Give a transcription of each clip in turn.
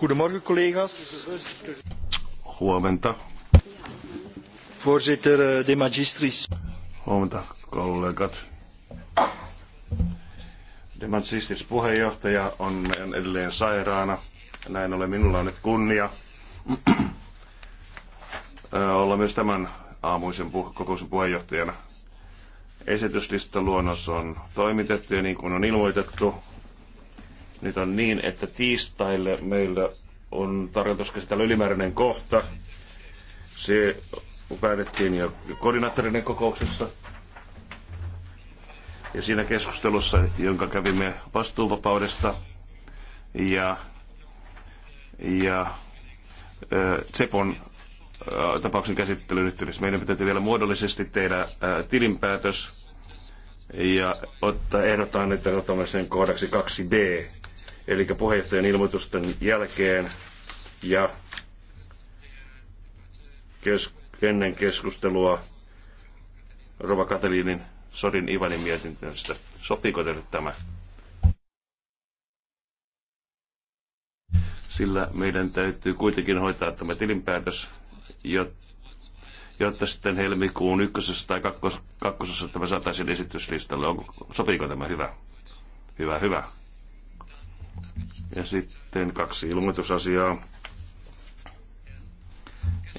goedemorgen collega's. Huomenta. Voorzitter eh, de magistris. Huomenta De magistris puheenjohtaja on meidän edelleen sairaana. Näin ollen minulla on nyt kunnia eh, olla myös tämän aamuisen kokouksen puheenjohtajana. Esityslistaluonnos on toimitettu ja niin kuin on ilmoitettu, nyt on niin, että tiistaille meillä on tarkoitus käsitellä ylimääräinen kohta. Se päätettiin jo koordinaattorinen kokouksessa. Ja siinä keskustelussa, jonka kävimme vastuuvapaudesta ja, ja Tsepon tapauksen käsittelyn yhteydessä. Meidän pitäisi vielä muodollisesti tehdä tilinpäätös ja ottaa, ehdotan, että otamme sen kohdaksi 2b eli puheenjohtajan ilmoitusten jälkeen ja kes- ennen keskustelua Rova Kateliinin Sorin Ivanin mietinnöstä Sopiiko teille tämä? Sillä meidän täytyy kuitenkin hoitaa tämä tilinpäätös, jotta sitten helmikuun ykkösessä tai kakkosessa, kakkosessa tämä saataisiin esityslistalle. Onko, sopiiko tämä hyvä? Hyvä, hyvä. Ja sitten kaksi ilmoitusasiaa.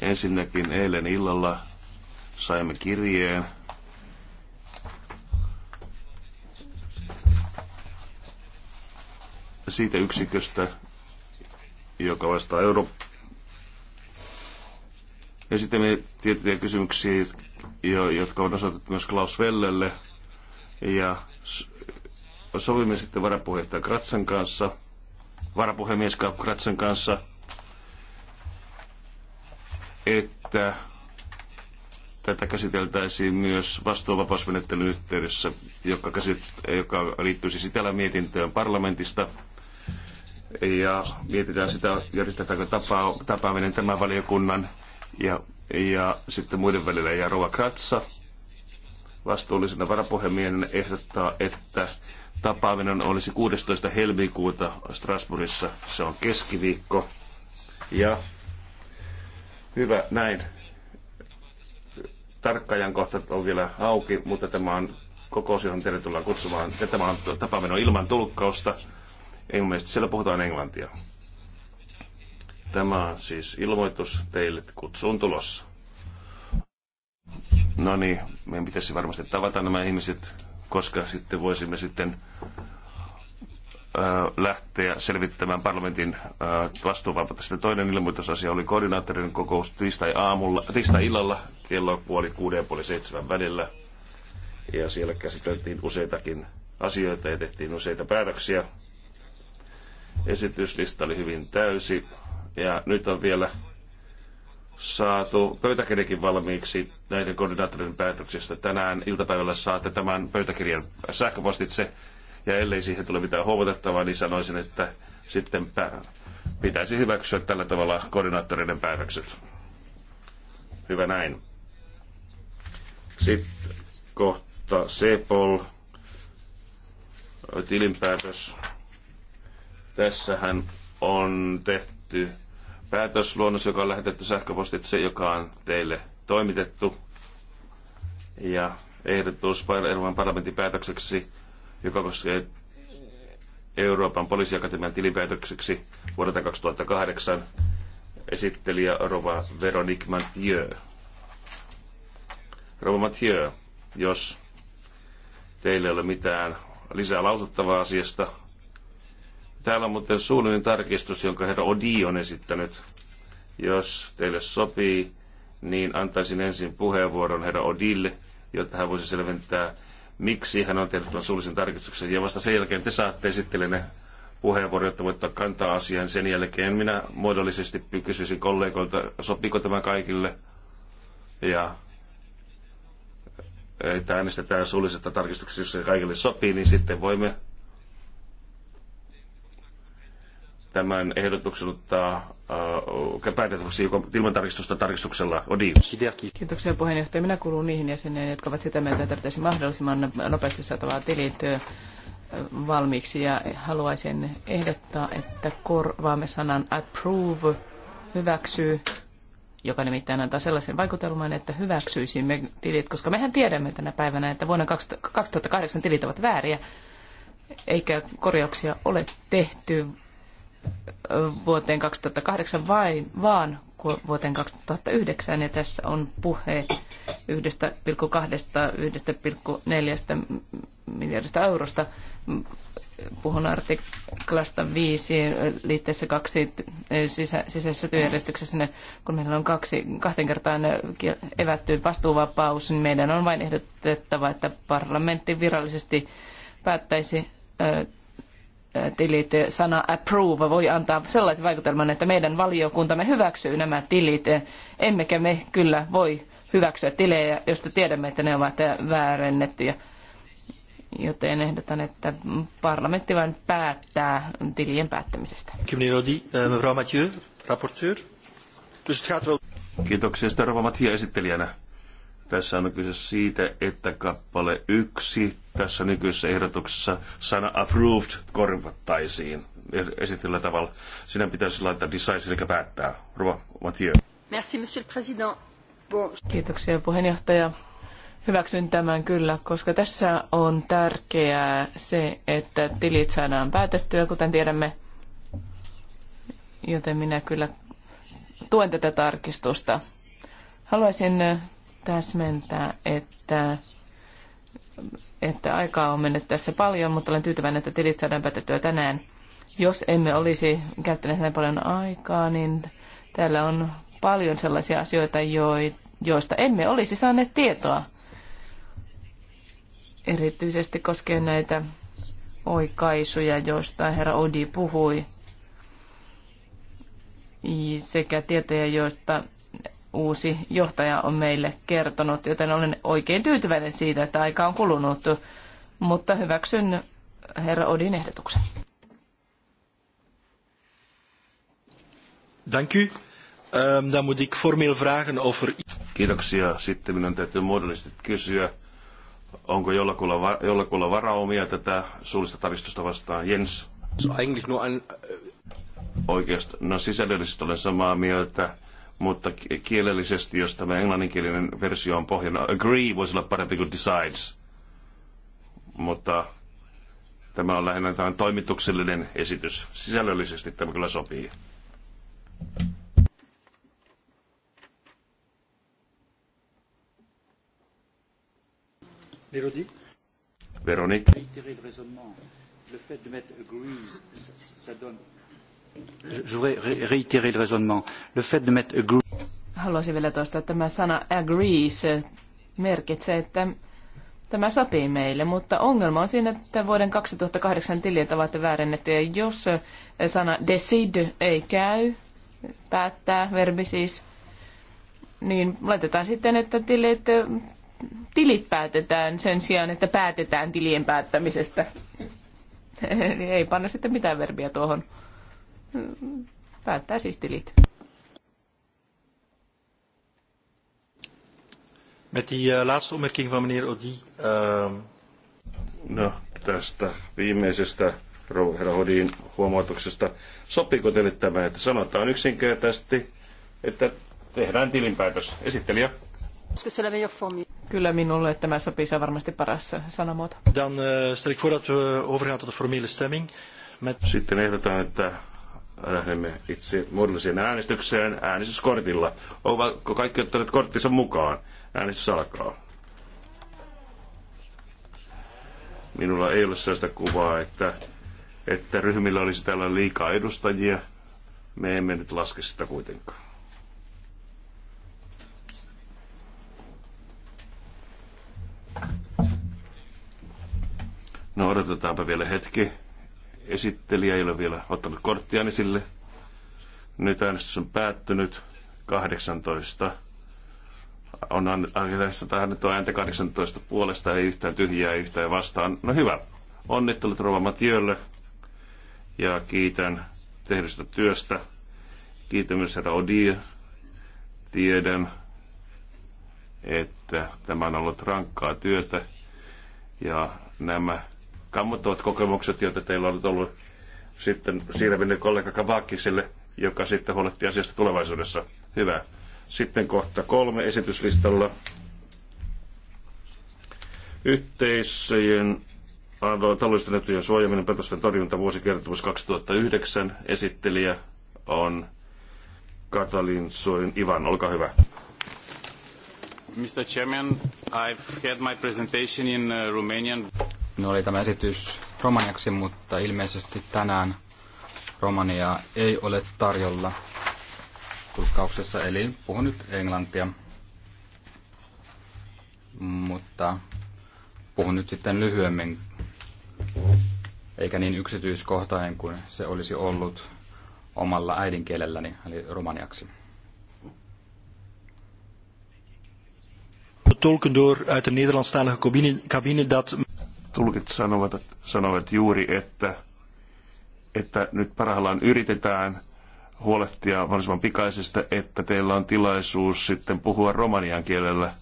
Ensinnäkin eilen illalla saimme kirjeen siitä yksiköstä, joka vastaa euro. Esitämme tiettyjä kysymyksiä, jotka on osoitettu myös Klaus Vellelle ja sovimme sitten varapuheenjohtaja Kratsan kanssa, varapuhemies Kratsan kanssa, että tätä käsiteltäisiin myös vastuuvapausmenettelyn yhteydessä, joka, käsit, joka liittyisi sitällä mietintöön parlamentista. Ja mietitään sitä, järjestetäänkö tapaa, tapaaminen tämän valiokunnan ja, ja sitten muiden välillä. Ja Rova Kratsa vastuullisena varapuhemiehenä ehdottaa, että tapaaminen olisi 16. helmikuuta Strasbourgissa. Se on keskiviikko. Ja hyvä näin. Tarkka ajankohta on vielä auki, mutta tämä on kokous, johon teille tullaan kutsumaan. Ja tämä on tapaaminen ilman tulkkausta. Ilmeisesti siellä puhutaan englantia. Tämä on siis ilmoitus teille kutsuun tulossa. No niin, meidän pitäisi varmasti tavata nämä ihmiset koska sitten voisimme sitten lähteä selvittämään parlamentin vastuuvapautta. Sitten toinen ilmoitusasia oli koordinaattorin kokous tiistai-aamulla, tiistai-illalla kello puoli kuuden puoli seitsemän välillä. Ja siellä käsiteltiin useitakin asioita ja tehtiin useita päätöksiä. Esityslista oli hyvin täysi. Ja nyt on vielä saatu pöytäkirjakin valmiiksi näiden koordinaattorin päätöksestä. Tänään iltapäivällä saatte tämän pöytäkirjan sähköpostitse, ja ellei siihen tule mitään huomatettavaa, niin sanoisin, että sitten pitäisi hyväksyä tällä tavalla koordinaattoreiden päätökset. Hyvä näin. Sitten kohta Sepol, tilinpäätös. Tässähän on tehty päätösluonnos, joka on lähetetty sähköpostitse, joka on teille toimitettu. Ja ehdotus Euroopan parlamentin päätökseksi, joka koskee Euroopan poliisiakatemian tilinpäätökseksi vuodelta 2008 esittelijä Rova Veronique Mathieu. Rova Mathieu, jos teille ei ole mitään lisää lausuttavaa asiasta, Täällä on muuten suullinen tarkistus, jonka herra Odi on esittänyt. Jos teille sopii, niin antaisin ensin puheenvuoron herra Odille, jotta hän voisi selventää, miksi hän on tehnyt tuon suullisen tarkistuksen. Ja vasta sen jälkeen te saatte esittelemään ne puheenvuoron, jotta voittaa kantaa asian. Sen jälkeen minä muodollisesti kysyisin kollegoilta, sopiiko tämä kaikille. Ja että äänestetään suullisesta tarkistuksesta, jos se kaikille sopii, niin sitten voimme tämän ehdotuksen ottaa äh, päätettäväksi joko ilman tarkistusta tarkistuksella Odi. Kiitoksia puheenjohtaja. Minä kuulun niihin jäseniin, jotka ovat sitä mieltä, että pitäisi mahdollisimman nopeasti saatavaa tilit äh, valmiiksi ja haluaisin ehdottaa, että korvaamme sanan approve, hyväksyy, joka nimittäin antaa sellaisen vaikutelman, että hyväksyisimme tilit, koska mehän tiedämme tänä päivänä, että vuonna 2008 tilit ovat vääriä, eikä korjauksia ole tehty vuoteen 2008, vain, vaan vuoteen 2009. Ja tässä on puhe 1,2-1,4 miljardista eurosta. Puhun artiklasta 5 liitteessä kaksi sisä, sisäisessä työjärjestyksessä, kun meillä on kaksi, kahteen kertaan evätty vastuuvapaus, niin meidän on vain ehdotettava, että parlamentti virallisesti päättäisi tilit. Sana approve voi antaa sellaisen vaikutelman, että meidän valiokuntamme hyväksyy nämä tilit. Emmekä me kyllä voi hyväksyä tilejä, josta tiedämme, että ne ovat väärennettyjä. Joten ehdotan, että parlamentti vain päättää tilien päättämisestä. Ähm, Kiitoksia, Starva Mattia esittelijänä. Tässä on kyse siitä, että kappale yksi tässä nykyisessä ehdotuksessa sana approved korvattaisiin er- esitellä tavalla. Sinä pitäisi laittaa decisive, eli päättää. Rova Mathieu. Merci, monsieur le président. Bon. Kiitoksia puheenjohtaja. Hyväksyn tämän kyllä, koska tässä on tärkeää se, että tilit saadaan päätettyä, kuten tiedämme. Joten minä kyllä tuen tätä tarkistusta. Haluaisin täsmentää, että, että aikaa on mennyt tässä paljon, mutta olen tyytyväinen, että tilit saadaan päätettyä tänään. Jos emme olisi käyttäneet näin paljon aikaa, niin täällä on paljon sellaisia asioita, joista emme olisi saaneet tietoa. Erityisesti koskien näitä oikaisuja, joista herra Odi puhui, sekä tietoja, joista uusi johtaja on meille kertonut, joten olen oikein tyytyväinen siitä, että aika on kulunut, mutta hyväksyn herra Odin ehdotuksen. Dank u. Um, dan moet ik formeel vragen Kiitoksia. Sitten minun täytyy muodollisesti kysyä, onko jollakulla, jollakulla varaumia tätä suullista tarkistusta vastaan. Jens? Eigentlich nur ein... Äh, Oikeastaan, no sisällöllisesti olen samaa mieltä mutta kielellisesti, jos tämä englanninkielinen versio on pohjana, agree voisi olla parempi kuin decides. Mutta tämä on lähinnä tämän toimituksellinen esitys. Sisällöllisesti tämä kyllä sopii. Veronique. Veronique. Le fait de mettre agrees, ça donne Haluaisin vielä toistaa, että tämä sana agrees merkitsee, että tämä sopii meille, mutta ongelma on siinä, että vuoden 2008 tilit ovat väärennettyjä. Jos sana decide ei käy, päättää, verbi siis, niin laitetaan sitten, että tilit, tilit päätetään sen sijaan, että päätetään tilien päättämisestä. ei panna sitten mitään verbiä tuohon päättää siis tilit. Met die uh, laatste opmerking van meneer Odi. Uh... Øh, no, tästä viimeisestä herra Odin huomautuksesta. Sopiiko teille tämä, että sanotaan yksinkertaisesti, että tehdään tilinpäätös? Esittelijä. Kyllä minulle tämä sopii, se on varmasti paras sanamuoto. Dan uh, stel ik voor dat we overgaan tot de formele stemming. Met... Sitten ehdotan, että lähdemme itse muodolliseen äänestykseen äänestyskortilla. Ovatko kaikki ottaneet korttinsa mukaan? Äänestys alkaa. Minulla ei ole sellaista kuvaa, että, että ryhmillä olisi täällä liikaa edustajia. Me emme nyt laske sitä kuitenkaan. No odotetaanpa vielä hetki. Esittelijä ei ole vielä ottanut korttiaan esille. Nyt äänestys on päättynyt. 18 on annettu ääntä 18 puolesta, ei yhtään tyhjää, ei yhtään vastaan. No hyvä. Onnittelut Rova Matiölle ja kiitän tehdystä työstä. Kiitän myös herra Odia. Tiedän, että tämä on ollut rankkaa työtä ja nämä kammottavat kokemukset, joita teillä on ollut sitten siirrämme kollega Kavakisille, joka sitten huolehti asiasta tulevaisuudessa. Hyvä. Sitten kohta kolme esityslistalla. Yhteisöjen taloudellisten etujen suojaminen, petosten torjunta vuosikertomus 2009. Esittelijä on Katalin Soin Ivan. Olkaa hyvä. Mr. Chairman, I've had my presentation in uh, Romanian. No oli tämä esitys romaniaksi, mutta ilmeisesti tänään romaniaa ei ole tarjolla tulkkauksessa, eli puhun nyt englantia. Mutta puhun nyt sitten lyhyemmin, eikä niin yksityiskohtainen kuin se olisi ollut omalla äidinkielelläni, eli romaniaksi. Tolken door uit de Nederlandstalige cabine, cabine dat tulkit sanovat, sanovat juuri, että, että nyt parhaillaan yritetään huolehtia mahdollisimman pikaisesta, että teillä on tilaisuus sitten puhua romanian kielellä.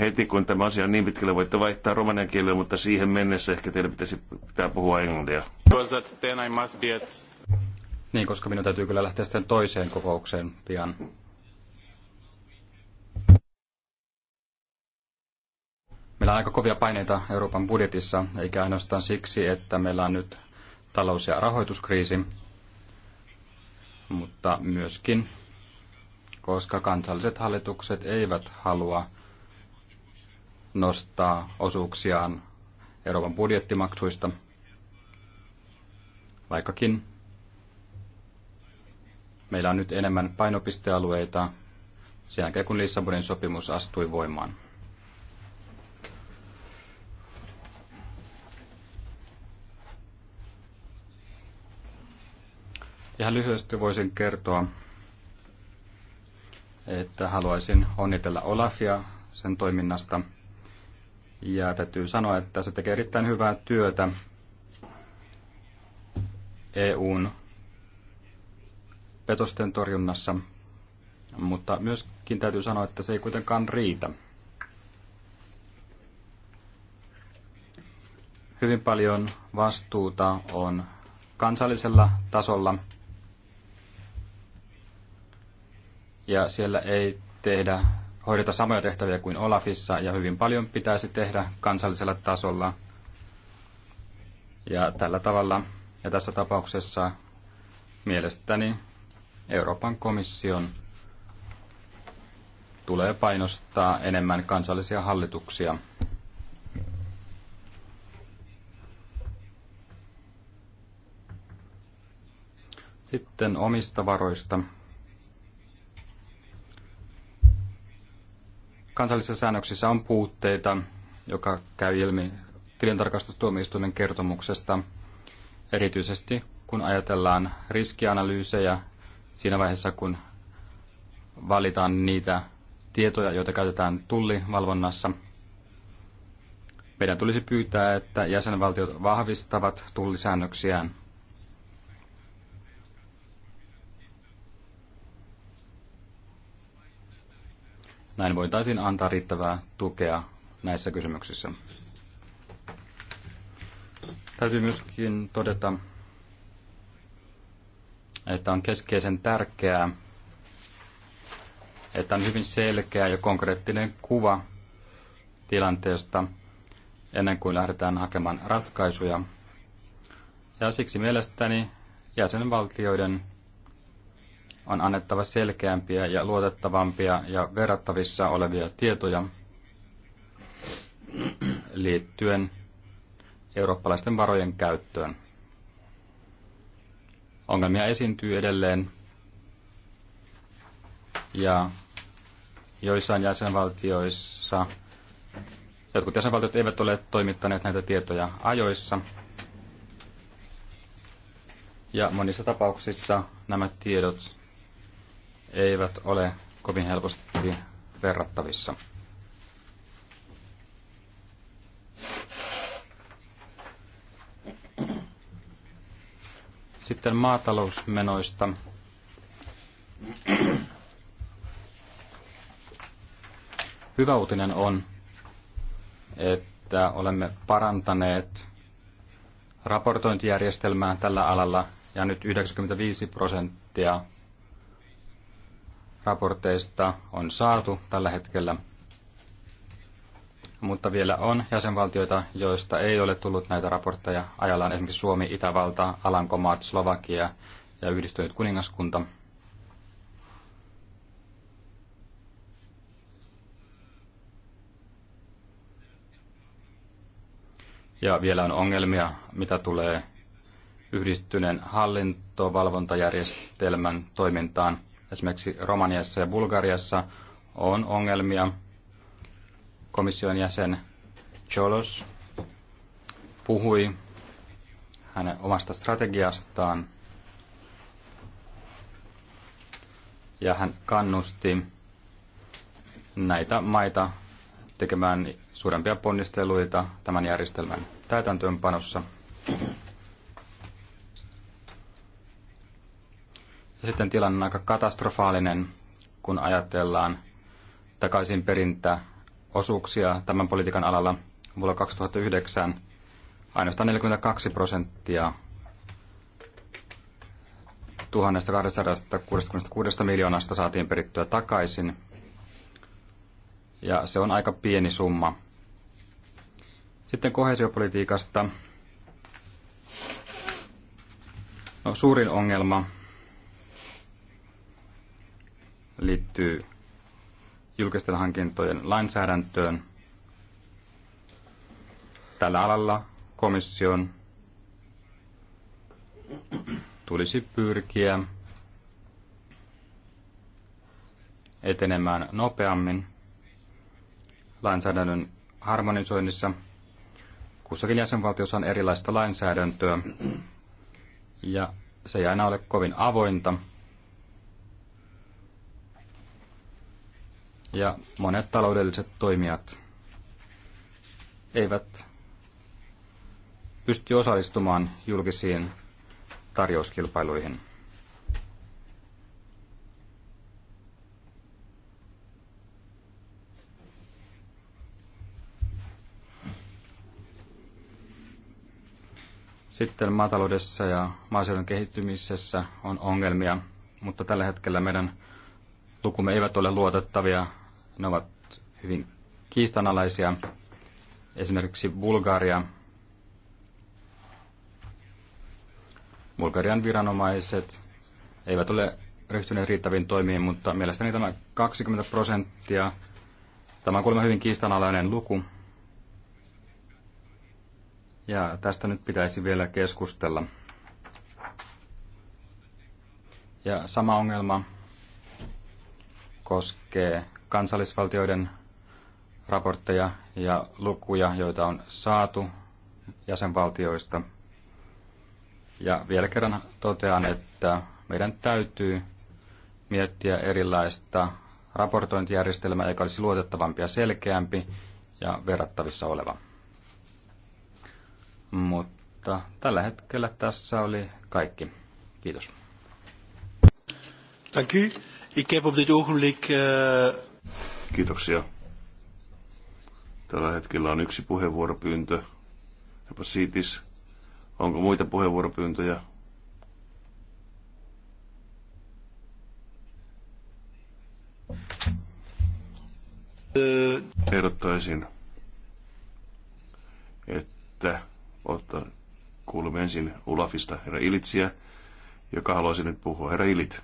Heti kun tämä asia on niin pitkälle, voitte vaihtaa romanian kielellä, mutta siihen mennessä ehkä teidän pitäisi pitää puhua englantia. Niin, koska minun täytyy kyllä lähteä sitten toiseen kokoukseen pian. Meillä on aika kovia paineita Euroopan budjetissa, eikä ainoastaan siksi, että meillä on nyt talous- ja rahoituskriisi, mutta myöskin, koska kansalliset hallitukset eivät halua nostaa osuuksiaan Euroopan budjettimaksuista, vaikkakin meillä on nyt enemmän painopistealueita sen jälkeen, kun Lissabonin sopimus astui voimaan. Ihan lyhyesti voisin kertoa, että haluaisin onnitella Olafia sen toiminnasta. Ja täytyy sanoa, että se tekee erittäin hyvää työtä EUn petosten torjunnassa, mutta myöskin täytyy sanoa, että se ei kuitenkaan riitä. Hyvin paljon vastuuta on kansallisella tasolla ja siellä ei tehdä, hoideta samoja tehtäviä kuin Olafissa ja hyvin paljon pitäisi tehdä kansallisella tasolla. Ja tällä tavalla ja tässä tapauksessa mielestäni Euroopan komission tulee painostaa enemmän kansallisia hallituksia. Sitten omista varoista. kansallisissa säännöksissä on puutteita, joka käy ilmi tilintarkastustuomioistuimen kertomuksesta, erityisesti kun ajatellaan riskianalyysejä siinä vaiheessa, kun valitaan niitä tietoja, joita käytetään tullivalvonnassa. Meidän tulisi pyytää, että jäsenvaltiot vahvistavat tullisäännöksiään – Näin voitaisiin antaa riittävää tukea näissä kysymyksissä. Täytyy myöskin todeta, että on keskeisen tärkeää, että on hyvin selkeä ja konkreettinen kuva tilanteesta ennen kuin lähdetään hakemaan ratkaisuja. Ja siksi mielestäni jäsenvaltioiden on annettava selkeämpiä ja luotettavampia ja verrattavissa olevia tietoja liittyen eurooppalaisten varojen käyttöön. Ongelmia esiintyy edelleen ja joissain jäsenvaltioissa jotkut jäsenvaltiot eivät ole toimittaneet näitä tietoja ajoissa. Ja monissa tapauksissa nämä tiedot eivät ole kovin helposti verrattavissa. Sitten maatalousmenoista. Hyvä uutinen on, että olemme parantaneet raportointijärjestelmää tällä alalla ja nyt 95 prosenttia raporteista on saatu tällä hetkellä, mutta vielä on jäsenvaltioita, joista ei ole tullut näitä raportteja. Ajallaan esimerkiksi Suomi, Itävalta, Alankomaat, Slovakia ja Yhdistynyt kuningaskunta. Ja vielä on ongelmia, mitä tulee yhdistyneen hallintovalvontajärjestelmän toimintaan – Esimerkiksi Romaniassa ja Bulgariassa on ongelmia. Komission jäsen Cholos puhui hänen omasta strategiastaan ja hän kannusti näitä maita tekemään suurempia ponnisteluita tämän järjestelmän täytäntöönpanossa. Ja sitten tilanne on aika katastrofaalinen, kun ajatellaan takaisin perintä osuuksia tämän politiikan alalla. Vuonna 2009 ainoastaan 42 prosenttia 1266 miljoonasta saatiin perittyä takaisin. Ja se on aika pieni summa. Sitten kohesiopolitiikasta. No, suurin ongelma liittyy julkisten hankintojen lainsäädäntöön. Tällä alalla komission tulisi pyrkiä etenemään nopeammin lainsäädännön harmonisoinnissa. Kussakin jäsenvaltiossa on erilaista lainsäädäntöä ja se ei aina ole kovin avointa ja monet taloudelliset toimijat eivät pysty osallistumaan julkisiin tarjouskilpailuihin. Sitten maataloudessa ja maaseudun kehittymisessä on ongelmia, mutta tällä hetkellä meidän lukumme eivät ole luotettavia ne ovat hyvin kiistanalaisia. Esimerkiksi Bulgaria. Bulgarian viranomaiset eivät ole ryhtyneet riittäviin toimiin, mutta mielestäni tämä 20 prosenttia, tämä on kuulemma hyvin kiistanalainen luku. Ja tästä nyt pitäisi vielä keskustella. Ja sama ongelma koskee kansallisvaltioiden raportteja ja lukuja, joita on saatu jäsenvaltioista. Ja vielä kerran totean, että meidän täytyy miettiä erilaista raportointijärjestelmää, joka olisi luotettavampi ja selkeämpi ja verrattavissa oleva. Mutta tällä hetkellä tässä oli kaikki. Kiitos. Thank you. Ik heb op dit ogenblik uh, Kiitoksia. Tällä hetkellä on yksi puheenvuoropyyntö. Jopa siitis. Onko muita puheenvuoropyyntöjä? Ehdottaisin, että ottaa kuulemme ensin Ulafista herra Ilitsiä, joka haluaisi nyt puhua. Herra Ilit.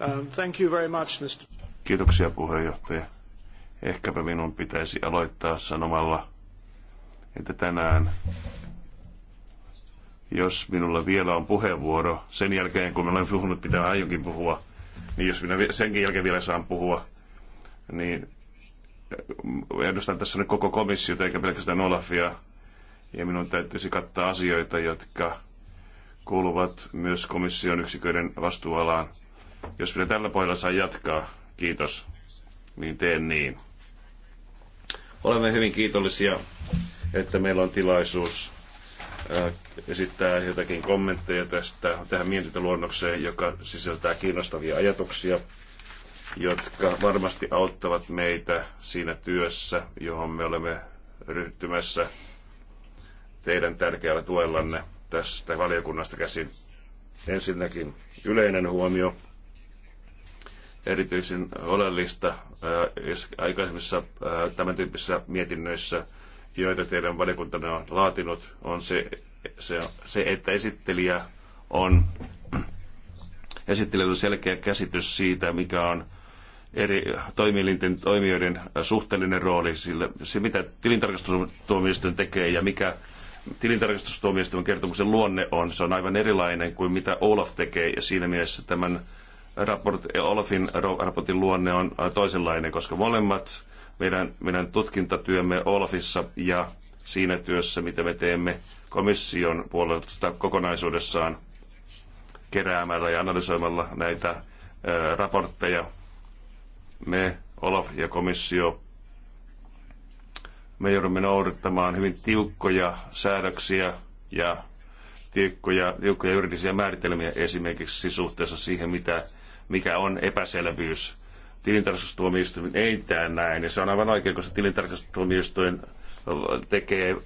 Um, thank you very much, Mr. Kiitoksia puheenjohtaja. Ehkäpä minun pitäisi aloittaa sanomalla, että tänään, jos minulla vielä on puheenvuoro, sen jälkeen kun olen puhunut, pitää aionkin puhua, niin jos minä senkin jälkeen vielä saan puhua, niin äh, edustan tässä nyt koko komissiota eikä pelkästään Olafia. Ja minun täytyisi kattaa asioita, jotka kuuluvat myös komission yksiköiden vastuualaan. Jos minä tällä pohjalla saan jatkaa, kiitos, niin teen niin. Olemme hyvin kiitollisia, että meillä on tilaisuus äh, esittää jotakin kommentteja tästä, tähän mietintöluonnokseen, joka sisältää kiinnostavia ajatuksia, jotka varmasti auttavat meitä siinä työssä, johon me olemme ryhtymässä teidän tärkeällä tuellanne tästä valiokunnasta käsin. Ensinnäkin yleinen huomio erityisen oleellista äh, aikaisemmissa äh, tämän tyyppisissä mietinnöissä, joita teidän valiokuntanne on laatinut, on se, se, se että esittelijä on, esittelijä on selkeä käsitys siitä, mikä on eri toimielinten toimijoiden suhteellinen rooli sillä, se mitä tilintarkastustuomioistuin tekee ja mikä tilintarkastustuomioistuimen kertomuksen luonne on, se on aivan erilainen kuin mitä Olaf tekee ja siinä mielessä tämän raport, Olafin raportin luonne on äh, toisenlainen, koska molemmat meidän, meidän tutkintatyömme Olafissa ja siinä työssä, mitä me teemme komission puolesta kokonaisuudessaan keräämällä ja analysoimalla näitä ä, äh, raportteja. Me, Olaf ja komissio, me joudumme noudattamaan hyvin tiukkoja säädöksiä ja tiukkoja, tiukkoja juridisia määritelmiä esimerkiksi suhteessa siihen, mitä mikä on epäselvyys. Tilintarkastustuomioistuin ei tee näin, ja se on aivan oikein, koska tilintarkastustuomioistuin tekee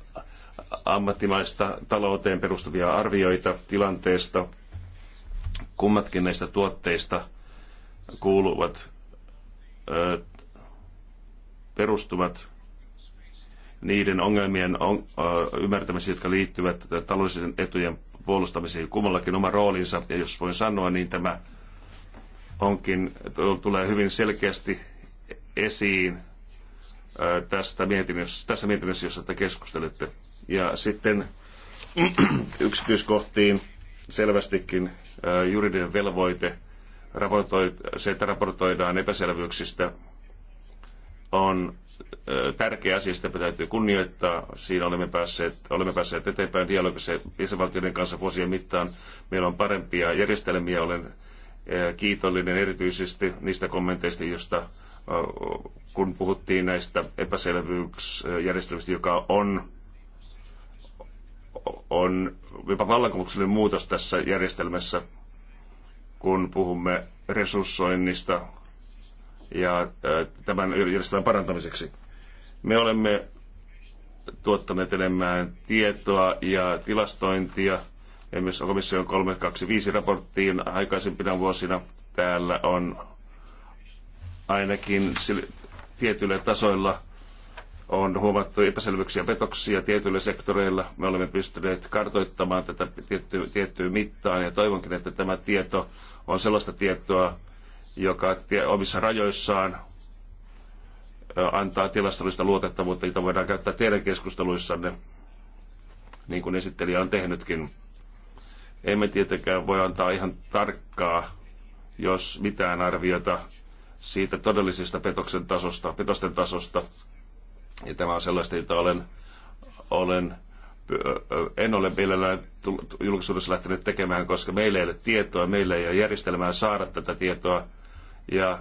ammattimaista talouteen perustuvia arvioita tilanteesta. Kummatkin näistä tuotteista kuuluvat, ö, perustuvat niiden ongelmien on, ö, ymmärtämiseen, jotka liittyvät taloudellisen etujen puolustamiseen. Kummallakin oma roolinsa, ja jos voin sanoa, niin tämä onkin, tulee hyvin selkeästi esiin tästä mietinnössä, tässä mietinnössä, jossa te keskustelette. Ja sitten yksityiskohtiin selvästikin juridinen velvoite, se, että raportoidaan epäselvyyksistä, on tärkeä asia, sitä täytyy kunnioittaa. Siinä olemme päässeet, olemme päässeet eteenpäin dialogissa jäsenvaltioiden kanssa vuosien mittaan. Meillä on parempia järjestelmiä, olen kiitollinen erityisesti niistä kommenteista, joista kun puhuttiin näistä epäselvyysjärjestelmistä, joka on, on jopa vallankumouksellinen muutos tässä järjestelmässä, kun puhumme resurssoinnista ja tämän järjestelmän parantamiseksi. Me olemme tuottaneet enemmän tietoa ja tilastointia – myös komission 325 raporttiin aikaisempina vuosina. Täällä on ainakin tietyillä tasoilla on huomattu epäselvyyksiä petoksia tietyillä sektoreilla. Me olemme pystyneet kartoittamaan tätä tietty, tiettyyn mittaan ja toivonkin, että tämä tieto on sellaista tietoa, joka omissa rajoissaan antaa tilastollista luotettavuutta, jota voidaan käyttää teidän keskusteluissanne, niin kuin esittelijä on tehnytkin. Emme tietenkään voi antaa ihan tarkkaa, jos mitään arviota siitä todellisesta petoksen tasosta, petosten tasosta. Ja tämä on sellaista, jota olen, olen en ole vielä julkisuudessa lähtenyt tekemään, koska meillä ei ole tietoa, meillä ei ole järjestelmää saada tätä tietoa. Ja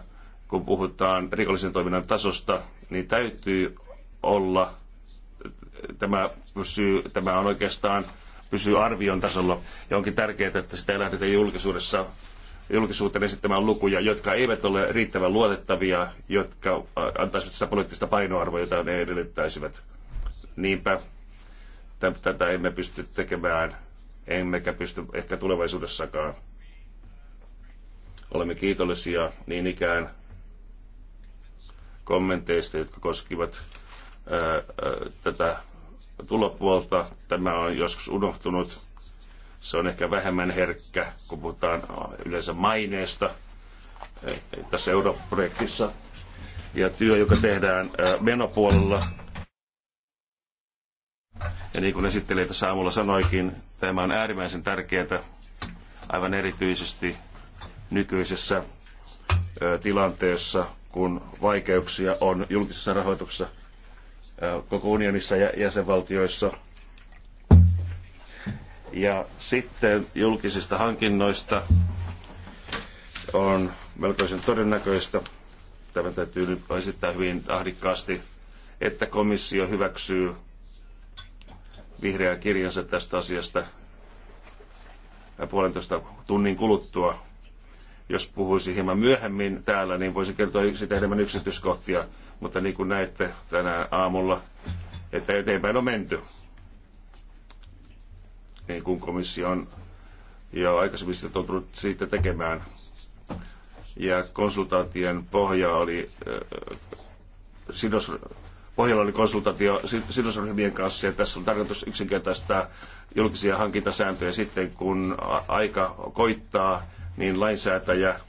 kun puhutaan rikollisen toiminnan tasosta, niin täytyy olla, tämä, syy, tämä on oikeastaan pysyy arvion tasolla. Ja onkin tärkeää, että sitä ei lähdetä julkisuudessa julkisuuteen esittämään lukuja, jotka eivät ole riittävän luotettavia, jotka äh, antaisivat sitä poliittista painoarvoa, jota ne edellyttäisivät. Niinpä tätä emme pysty tekemään, emmekä pysty ehkä tulevaisuudessakaan. Olemme kiitollisia niin ikään kommenteista, jotka koskivat ää, äh, ää, äh, tätä tulopuolta. Tämä on joskus unohtunut. Se on ehkä vähemmän herkkä, kun puhutaan yleensä maineesta eh, eh, tässä europrojektissa. Ja työ, joka tehdään menopuolella, ja niin kuin esittelijä tässä aamulla sanoikin, tämä on äärimmäisen tärkeää aivan erityisesti nykyisessä tilanteessa, kun vaikeuksia on julkisessa rahoituksessa – koko unionissa ja jäsenvaltioissa. Ja sitten julkisista hankinnoista on melkoisen todennäköistä, tämä täytyy nyt esittää hyvin ahdikkaasti, että komissio hyväksyy vihreän kirjansa tästä asiasta puolentoista tunnin kuluttua. Jos puhuisi hieman myöhemmin täällä, niin voisin kertoa sitä enemmän yksityiskohtia mutta niin kuin näette tänään aamulla, että eteenpäin on menty. Niin kuin komissio on jo aikaisemmin sitä tuntunut siitä tekemään. Ja konsultaation pohja oli äh, sidos, pohjalla oli konsultaatio sidosryhmien kanssa ja tässä on tarkoitus yksinkertaistaa julkisia hankintasääntöjä sitten, kun aika koittaa, niin lainsäätäjä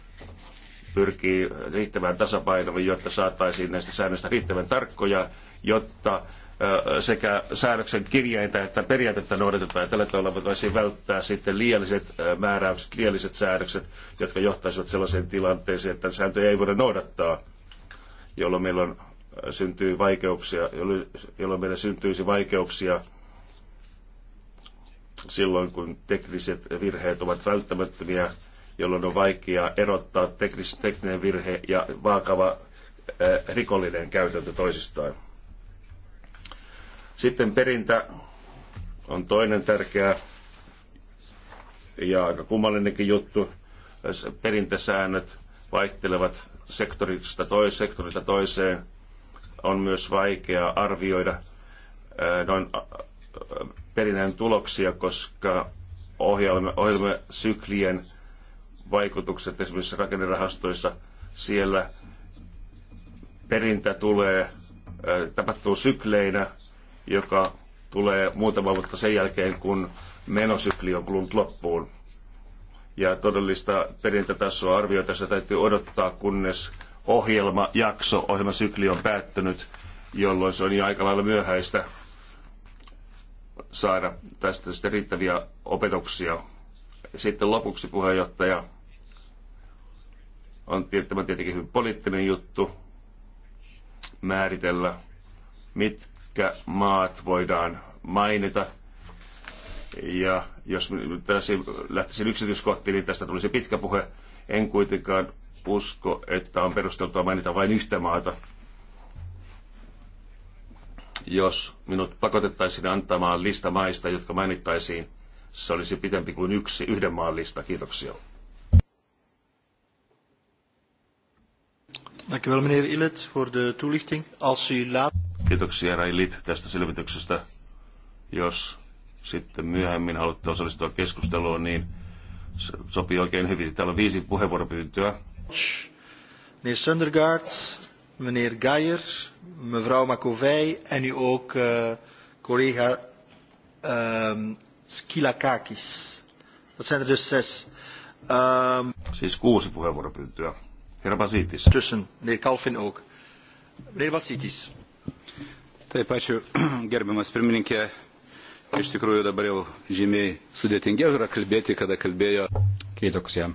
pyrkii riittävään tasapainoon, jotta saataisiin näistä säännöistä riittävän tarkkoja, jotta sekä säädöksen kirjainta että periaatetta noudatetaan. Ja tällä tavalla voitaisiin välttää sitten liialliset määräykset, liialliset säädökset, jotka johtaisivat sellaiseen tilanteeseen, että sääntöjä ei voida noudattaa, jolloin meillä on, syntyy vaikeuksia, jolloin meillä syntyisi vaikeuksia silloin, kun tekniset virheet ovat välttämättömiä jolloin on vaikea erottaa teknis, tekninen virhe ja vaakava äh, rikollinen käytäntö toisistaan. Sitten perintä on toinen tärkeä ja aika kummallinenkin juttu. Äh, perintäsäännöt vaihtelevat sektorista, toiseen, sektorista toiseen. On myös vaikea arvioida äh, noin äh, perinnän tuloksia, koska ohjelma, vaikutukset esimerkiksi rakennerahastoissa. Siellä perintä tulee, äh, tapahtuu sykleinä, joka tulee muutama vuotta sen jälkeen, kun menosykli on kulunut loppuun. Ja todellista perintätasoa se täytyy odottaa, kunnes ohjelmajakso, ohjelmasykli on päättynyt, jolloin se on jo aika lailla myöhäistä saada tästä sitten riittäviä opetuksia. Sitten lopuksi puheenjohtaja on, tietysti, on tietenkin hyvin poliittinen juttu määritellä, mitkä maat voidaan mainita. Ja jos tässä lähtisin yksityiskohtiin, niin tästä tulisi pitkä puhe. En kuitenkaan usko, että on perusteltua mainita vain yhtä maata. Jos minut pakotettaisiin antamaan lista maista, jotka mainittaisiin, se olisi pitempi kuin yksi yhden maan lista. Kiitoksia. Dank u wel, meneer Illet, voor de toelichting. Als u laat... Kiitoksia, herra Illit, tästä selvityksestä. Jos sitten myöhemmin haluatte osallistua keskusteluun, niin se sopii oikein hyvin. Täällä on viisi puheenvuoropyyntöä. Meneer Sundergaard, meneer Geyer, mevrouw Makovei en nu ook uh, collega uh, Skilakakis. Dat zijn er dus zes. Ehm, siis kuusi puheenvuoropyyntöä. Herra Basitis. Tussen, ne Kalfin ook. Meneer Basitis. Taip, ačiū, gerbiamas pirmininkė. Iš tikrųjų dabar jau žymiai sudėtingiau yra kalbėti, kada kalbėjo. Kiitoksia.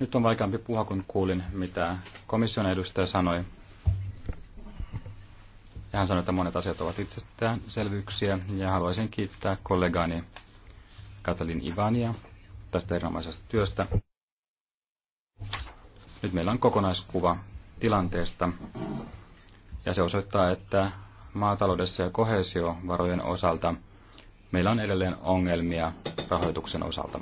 Nyt on vaikeampi puhua, kun kuulin, mitä komission edustaja sanoi. Ja hän sanoi, että monet asiat ovat itsestäänselvyyksiä ja haluaisin kiittää kollegaani Katalin Ivania tästä erinomaisesta työstä. Nyt meillä on kokonaiskuva tilanteesta ja se osoittaa, että maataloudessa ja kohesiovarojen osalta meillä on edelleen ongelmia rahoituksen osalta.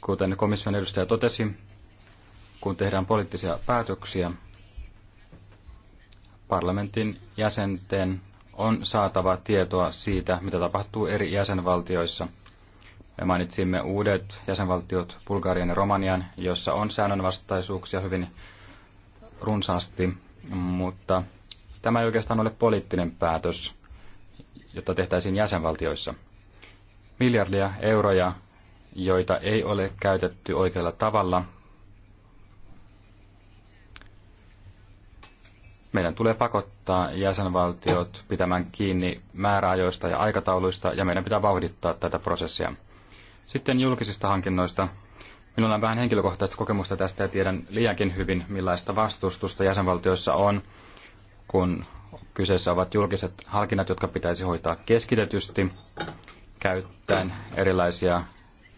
Kuten komission edustaja totesi, kun tehdään poliittisia päätöksiä, parlamentin jäsenten on saatava tietoa siitä, mitä tapahtuu eri jäsenvaltioissa – me mainitsimme uudet jäsenvaltiot Bulgarian ja Romanian, joissa on säännönvastaisuuksia hyvin runsaasti, mutta tämä ei oikeastaan ole poliittinen päätös, jota tehtäisiin jäsenvaltioissa. Miljardia euroja, joita ei ole käytetty oikealla tavalla, Meidän tulee pakottaa jäsenvaltiot pitämään kiinni määräajoista ja aikatauluista, ja meidän pitää vauhdittaa tätä prosessia. Sitten julkisista hankinnoista. Minulla on vähän henkilökohtaista kokemusta tästä ja tiedän liiankin hyvin, millaista vastustusta jäsenvaltioissa on, kun kyseessä ovat julkiset hankinnat, jotka pitäisi hoitaa keskitetysti käyttäen erilaisia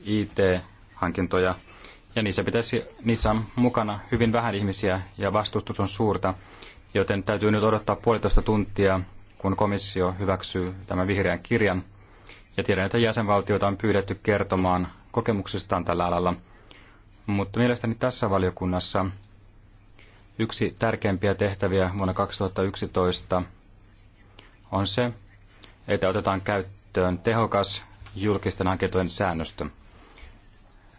IT-hankintoja. Ja niissä, pitäisi, niissä on mukana hyvin vähän ihmisiä ja vastustus on suurta, joten täytyy nyt odottaa puolitoista tuntia, kun komissio hyväksyy tämän vihreän kirjan – ja tiedän, että jäsenvaltioita on pyydetty kertomaan kokemuksistaan tällä alalla. Mutta mielestäni tässä valiokunnassa yksi tärkeimpiä tehtäviä vuonna 2011 on se, että otetaan käyttöön tehokas julkisten hankintojen säännöstö.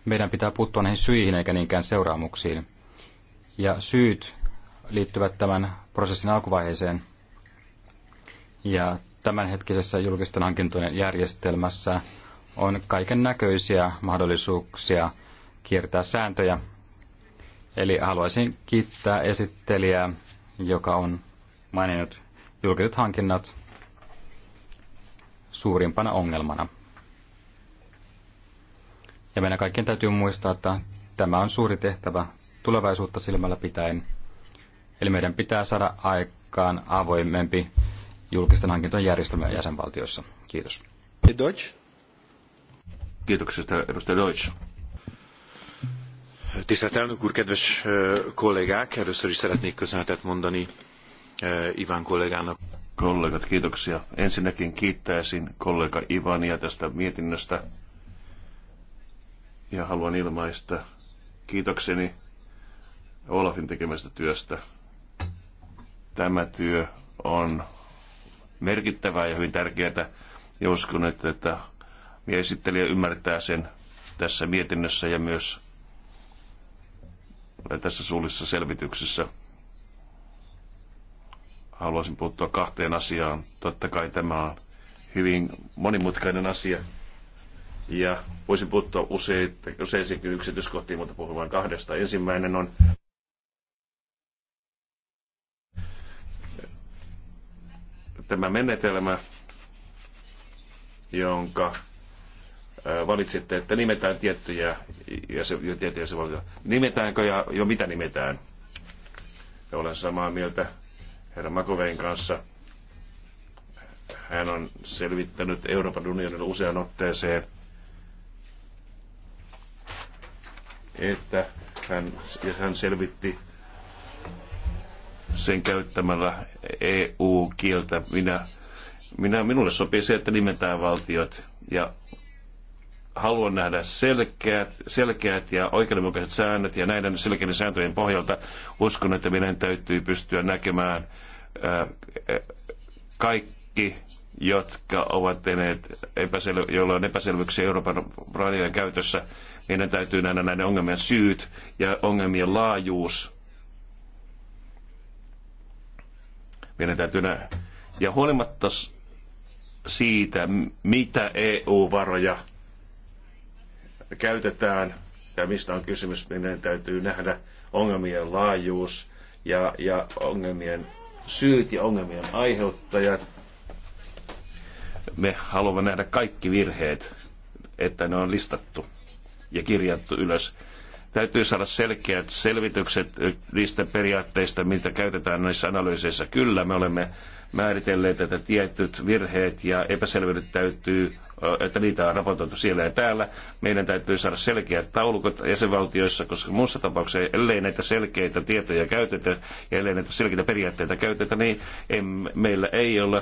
Meidän pitää puuttua näihin syihin eikä niinkään seuraamuksiin. Ja syyt liittyvät tämän prosessin alkuvaiheeseen. Ja tämänhetkisessä julkisten hankintojen järjestelmässä on kaiken näköisiä mahdollisuuksia kiertää sääntöjä. Eli haluaisin kiittää esittelijää, joka on maininnut julkiset hankinnat suurimpana ongelmana. Ja meidän kaikkien täytyy muistaa, että tämä on suuri tehtävä tulevaisuutta silmällä pitäen. Eli meidän pitää saada aikaan avoimempi julkisten hankintojen järjestelmää jäsenvaltioissa. Kiitos. Deutsch. Kiitoksesta, edustaja Deutsch. Tisztelt elnök úr, kedves kollégák! Először is szeretnék köszönetet mondani Iván kollégának. Kollegat, kiitoksia. Ensinnäkin kiittäisin kollega Ivania tästä mietinnöstä ja haluan ilmaista kiitokseni Olafin tekemästä työstä. Tämä työ on merkittävää ja hyvin tärkeää. Ja uskon, että, että esittelijä ymmärtää sen tässä mietinnössä ja myös tässä suullisessa selvityksessä. Haluaisin puuttua kahteen asiaan. Totta kai tämä on hyvin monimutkainen asia. Ja voisin puuttua useisiin yksityiskohtiin, mutta puhun vain kahdesta. Ensimmäinen on tämä menetelmä, jonka valitsitte, että nimetään tiettyjä, ja se, ja tiettyjä se valita. Nimetäänkö ja jo mitä nimetään? Ja olen samaa mieltä herra Makovein kanssa. Hän on selvittänyt Euroopan unionin usean otteeseen, että hän, ja hän selvitti sen käyttämällä EU-kieltä. Minä, minä, minulle sopii se, että nimetään valtiot ja haluan nähdä selkeät, selkeät ja oikeudenmukaiset säännöt ja näiden selkeiden sääntöjen pohjalta uskon, että meidän täytyy pystyä näkemään ää, kaikki, jotka ovat tehneet, epäsel- joilla on epäselvyyksiä Euroopan rajojen käytössä. Meidän täytyy nähdä näiden ongelmien syyt ja ongelmien laajuus Meidän täytyy nähdä. Ja huolimatta siitä, mitä EU-varoja käytetään ja mistä on kysymys, meidän täytyy nähdä ongelmien laajuus ja, ja ongelmien syyt ja ongelmien aiheuttajat. Me haluamme nähdä kaikki virheet, että ne on listattu ja kirjattu ylös. Täytyy saada selkeät selvitykset niistä periaatteista, mitä käytetään näissä analyyseissä. Kyllä, me olemme määritelleet, että tietyt virheet ja epäselvyydet täytyy, että niitä on raportoitu siellä ja täällä. Meidän täytyy saada selkeät taulukot jäsenvaltioissa, koska muussa tapauksessa, ellei näitä selkeitä tietoja käytetä ja ellei näitä selkeitä periaatteita käytetä, niin em, meillä ei ole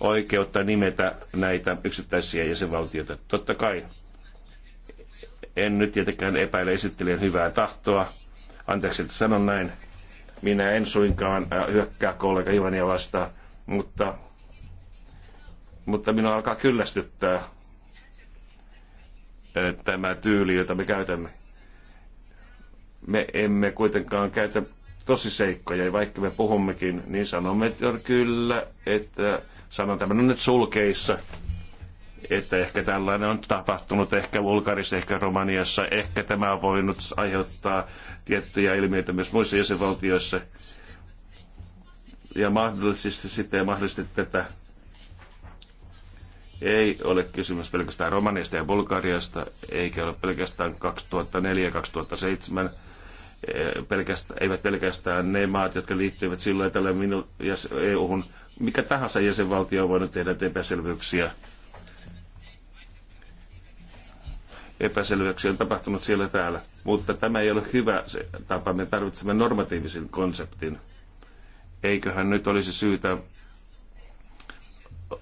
oikeutta nimetä näitä yksittäisiä jäsenvaltioita. Totta kai en nyt tietenkään epäile esittelijän hyvää tahtoa. Anteeksi, että sanon näin. Minä en suinkaan äh, hyökkää kollega Ivania vastaan, mutta, mutta minua alkaa kyllästyttää äh, tämä tyyli, jota me käytämme. Me emme kuitenkaan käytä tosiseikkoja, ja vaikka me puhummekin, niin sanomme että kyllä, että sanon tämän nyt sulkeissa, että ehkä tällainen on tapahtunut, ehkä Bulgarissa, ehkä Romaniassa, ehkä tämä on voinut aiheuttaa tiettyjä ilmiöitä myös muissa jäsenvaltioissa. Ja mahdollisesti sitten ja mahdollisesti tätä ei ole kysymys pelkästään Romaniasta ja Bulgariasta, eikä ole pelkästään 2004-2007 eh, pelkästään, eivät pelkästään ne maat, jotka liittyivät silloin tällä EU-hun. Mikä tahansa jäsenvaltio on voinut tehdä epäselvyyksiä epäselvyyksiä on tapahtunut siellä täällä. Mutta tämä ei ole hyvä se tapa. Me tarvitsemme normatiivisen konseptin. Eiköhän nyt olisi syytä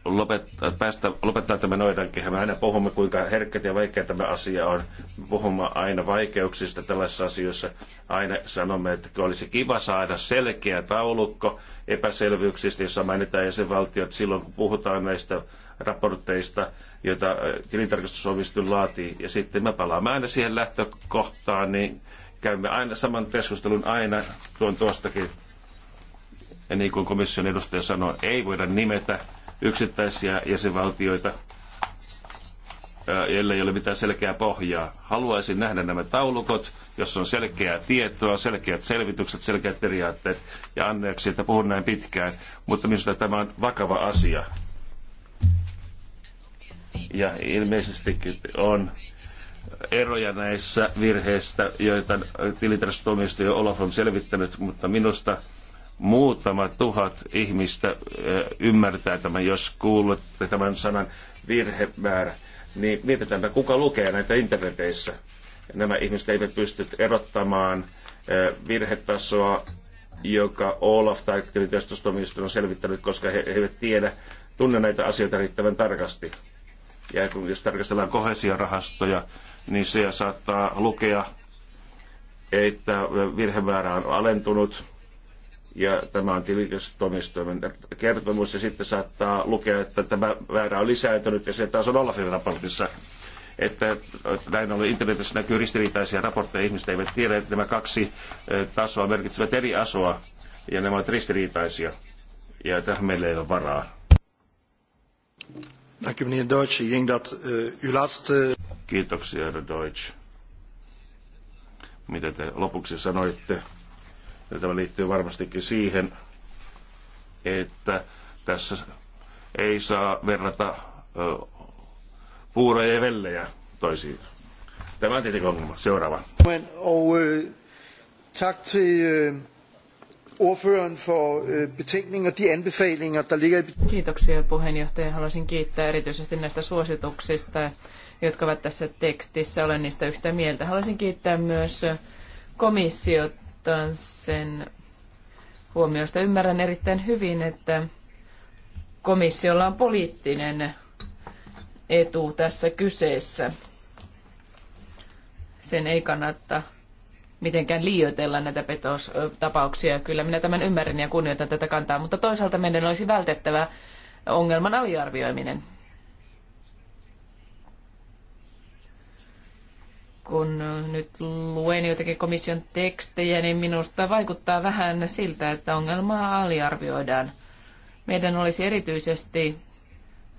lopettaa, päästä, lopettaa tämä noidankehän. Me aina puhumme, kuinka herkkät ja vaikea tämä asia on. Puhumme aina vaikeuksista tällaisissa asioissa. Aina sanomme, että olisi kiva saada selkeä taulukko epäselvyyksistä, jossa mainitaan jäsenvaltiot silloin, kun puhutaan näistä raporteista, joita äh, tilintarkastusomistuin laatii. Ja sitten me palaamme aina siihen lähtökohtaan, niin käymme aina saman keskustelun aina tuon tuostakin. Ja niin kuin komission edustaja sanoi, ei voida nimetä yksittäisiä jäsenvaltioita, ellei ole mitään selkeää pohjaa. Haluaisin nähdä nämä taulukot, jossa on selkeää tietoa, selkeät selvitykset, selkeät periaatteet. Ja anneeksi, että puhun näin pitkään, mutta minusta tämä on vakava asia. Ja ilmeisesti on eroja näissä virheistä, joita tilintarkastustuomioistuin Olaf on selvittänyt, mutta minusta – muutama tuhat ihmistä ymmärtää tämän, jos kuulette tämän sanan virhemäärä, niin mietitäänpä, kuka lukee näitä interneteissä. Nämä ihmiset eivät pysty erottamaan virhetasoa, joka Olaf tai aktiivitestustoimisto on selvittänyt, koska he, he eivät tiedä, tunne näitä asioita riittävän tarkasti. Ja kun, jos tarkastellaan kohesiorahastoja, niin se saattaa lukea, että virhemäärä on alentunut, ja tämä on tilikastumistoimen kertomus, ja sitten saattaa lukea, että tämä väärä on lisääntynyt, ja se taas on Olafin raportissa. Että, että näin ollen internetissä näkyy ristiriitaisia raportteja, ihmiset eivät tiedä, että nämä kaksi tasoa merkitsevät eri asoa, ja nämä ovat ristiriitaisia, ja tähän meillä ei ole varaa. Eh, Kiitoksia, Herr Deutsch. Mitä te lopuksi sanoitte? Tämä liittyy varmastikin siihen, että tässä ei saa verrata puuroja ja vellejä toisiin. Tämä on tietenkin ongelma. Seuraava. Og, øh, tak til øh, ordføreren for øh, betænkningen og de anbefalinger, der ligger i... Kiitoksia puheenjohtaja. Haluaisin kiittää erityisesti näistä suosituksista, jotka ovat tässä tekstissä. Olen niistä yhtä mieltä. Haluaisin kiittää myös komissiota vastaan sen huomiosta. Ymmärrän erittäin hyvin, että komissiolla on poliittinen etu tässä kyseessä. Sen ei kannata mitenkään liioitella näitä petostapauksia. Kyllä minä tämän ymmärrän ja kunnioitan tätä kantaa, mutta toisaalta meidän olisi vältettävä ongelman aliarvioiminen. kun nyt luen jotakin komission tekstejä, niin minusta vaikuttaa vähän siltä, että ongelmaa aliarvioidaan. Meidän olisi erityisesti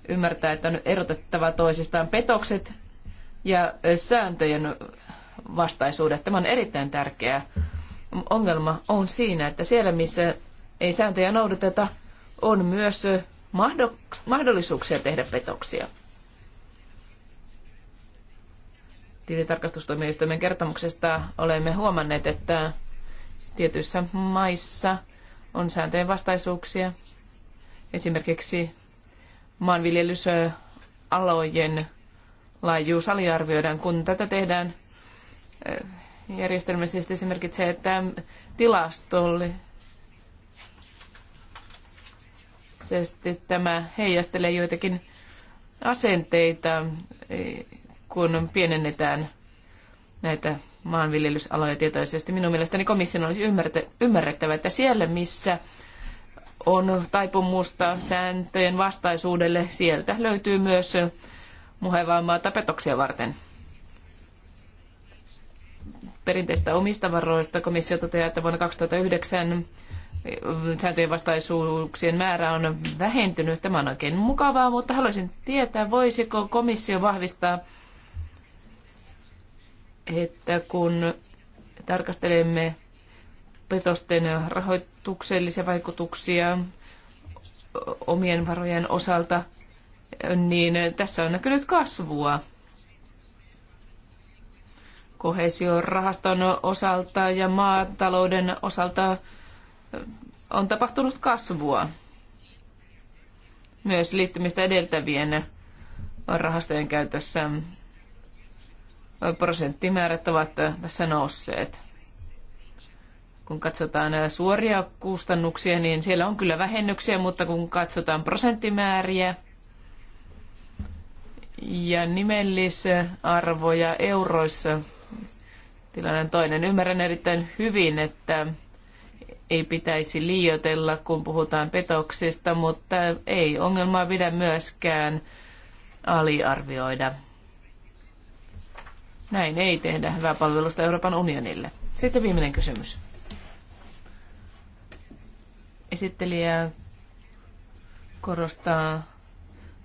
ymmärtää, että on erotettava toisistaan petokset ja sääntöjen vastaisuudet. Tämä on erittäin tärkeää. Ongelma on siinä, että siellä missä ei sääntöjä noudateta, on myös mahdollisuuksia tehdä petoksia. tilintarkastustuomioistuimen kertomuksesta olemme huomanneet, että tietyissä maissa on sääntöjen vastaisuuksia. Esimerkiksi maanviljelysalojen laajuus aliarvioidaan, kun tätä tehdään järjestelmällisesti se merkitsee, että tilastolle tämä heijastelee joitakin asenteita kun pienennetään näitä maanviljelysaloja tietoisesti. Minun mielestäni komission olisi ymmärrettävä, että siellä missä on taipumusta sääntöjen vastaisuudelle, sieltä löytyy myös muhevaa maata petoksia varten. Perinteistä omista varoista komissio toteaa, että vuonna 2009 sääntöjen vastaisuuksien määrä on vähentynyt. Tämä on oikein mukavaa, mutta haluaisin tietää, voisiko komissio vahvistaa että kun tarkastelemme petosten rahoituksellisia vaikutuksia omien varojen osalta, niin tässä on näkynyt kasvua rahaston osalta ja maatalouden osalta on tapahtunut kasvua. Myös liittymistä edeltävien rahastojen käytössä prosenttimäärät ovat tässä nousseet. Kun katsotaan suoria kustannuksia, niin siellä on kyllä vähennyksiä, mutta kun katsotaan prosenttimääriä ja nimellisarvoja euroissa, tilanne on toinen. Ymmärrän erittäin hyvin, että ei pitäisi liioitella, kun puhutaan petoksista, mutta ei ongelmaa pidä myöskään aliarvioida. Näin ei tehdä hyvää palvelusta Euroopan unionille. Sitten viimeinen kysymys. Esittelijä korostaa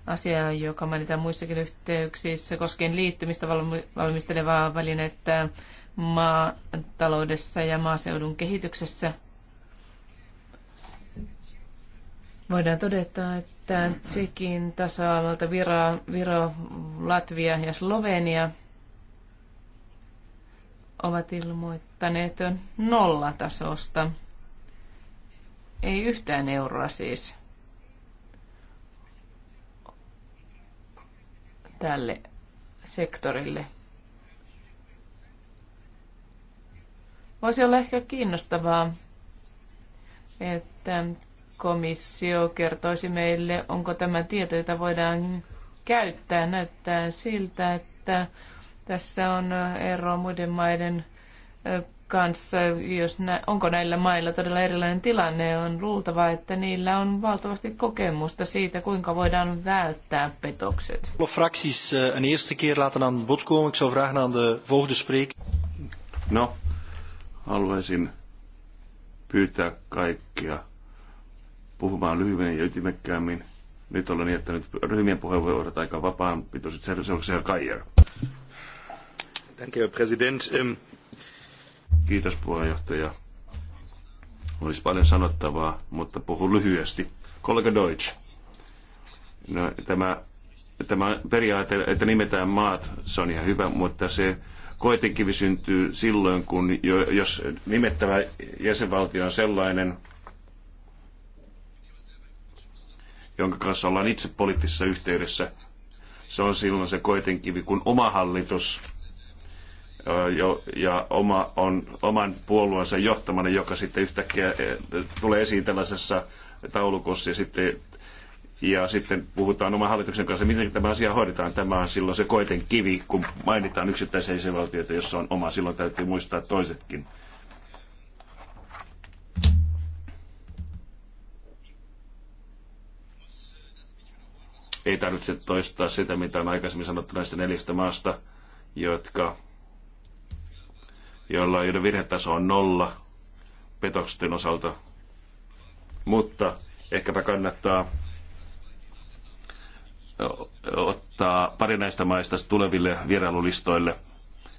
asiaa, joka mainitaan muissakin yhteyksissä koskien liittymistä valmistelevaa välinettä maataloudessa ja maaseudun kehityksessä. Voidaan todeta, että Tsekin tasavalta, Viro, Viro, Latvia ja Slovenia – ovat ilmoittaneet nollatasosta. Ei yhtään euroa siis tälle sektorille. Voisi olla ehkä kiinnostavaa, että komissio kertoisi meille, onko tämä tieto, jota voidaan käyttää, näyttää siltä, että tässä on ero muiden maiden kanssa, jos nä- onko näillä mailla todella erilainen tilanne, on luultava, että niillä on valtavasti kokemusta siitä, kuinka voidaan välttää petokset. Fracties een eerste keer laten aan bod komen. Ik zou vragen aan de volgende spreker. No, haluaisin pyytää kaikkia puhumaan lyhyemmin ja ytimekkäämmin. Nyt olen jättänyt ryhmien puheenvuorot aika vapaan pitoiset. Seuraavaksi herra Kajer. Thank you, president. Ähm, Kiitos puheenjohtaja. Olisi paljon sanottavaa, mutta puhun lyhyesti. Kollega Deutsch. No, tämä, tämä periaate, että nimetään maat, se on ihan hyvä, mutta se koetekivi syntyy silloin, kun jo, jos nimettävä jäsenvaltio on sellainen, jonka kanssa ollaan itse poliittisessa yhteydessä, se on silloin se koetenkivi, kun oma hallitus ja oma on oman puolueensa johtamana, joka sitten yhtäkkiä e, tulee esiin tällaisessa taulukossa ja sitten, ja sitten puhutaan oman hallituksen kanssa, miten tämä asia hoidetaan. Tämä on silloin se koeten kivi, kun mainitaan yksittäisiä jäsenvaltioita, jossa on oma, silloin täytyy muistaa toisetkin. Ei tarvitse toistaa sitä, mitä on aikaisemmin sanottu näistä neljästä maasta, jotka joilla, joiden virhetaso on nolla petoksen osalta. Mutta ehkäpä kannattaa ottaa pari näistä maista tuleville vierailulistoille,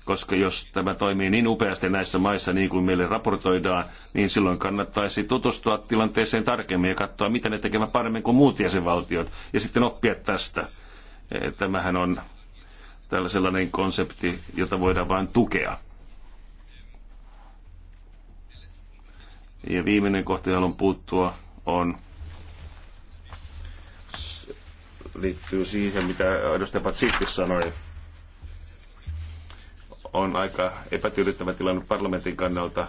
koska jos tämä toimii niin upeasti näissä maissa, niin kuin meille raportoidaan, niin silloin kannattaisi tutustua tilanteeseen tarkemmin ja katsoa, mitä ne tekevät paremmin kuin muut jäsenvaltiot, ja sitten oppia tästä. E, tämähän on tällä sellainen konsepti, jota voidaan vain tukea. Ja viimeinen kohta, johon on puuttua, on liittyy siihen, mitä edustaja Patsiitti sanoi. On aika epätyydyttävä tilanne parlamentin kannalta,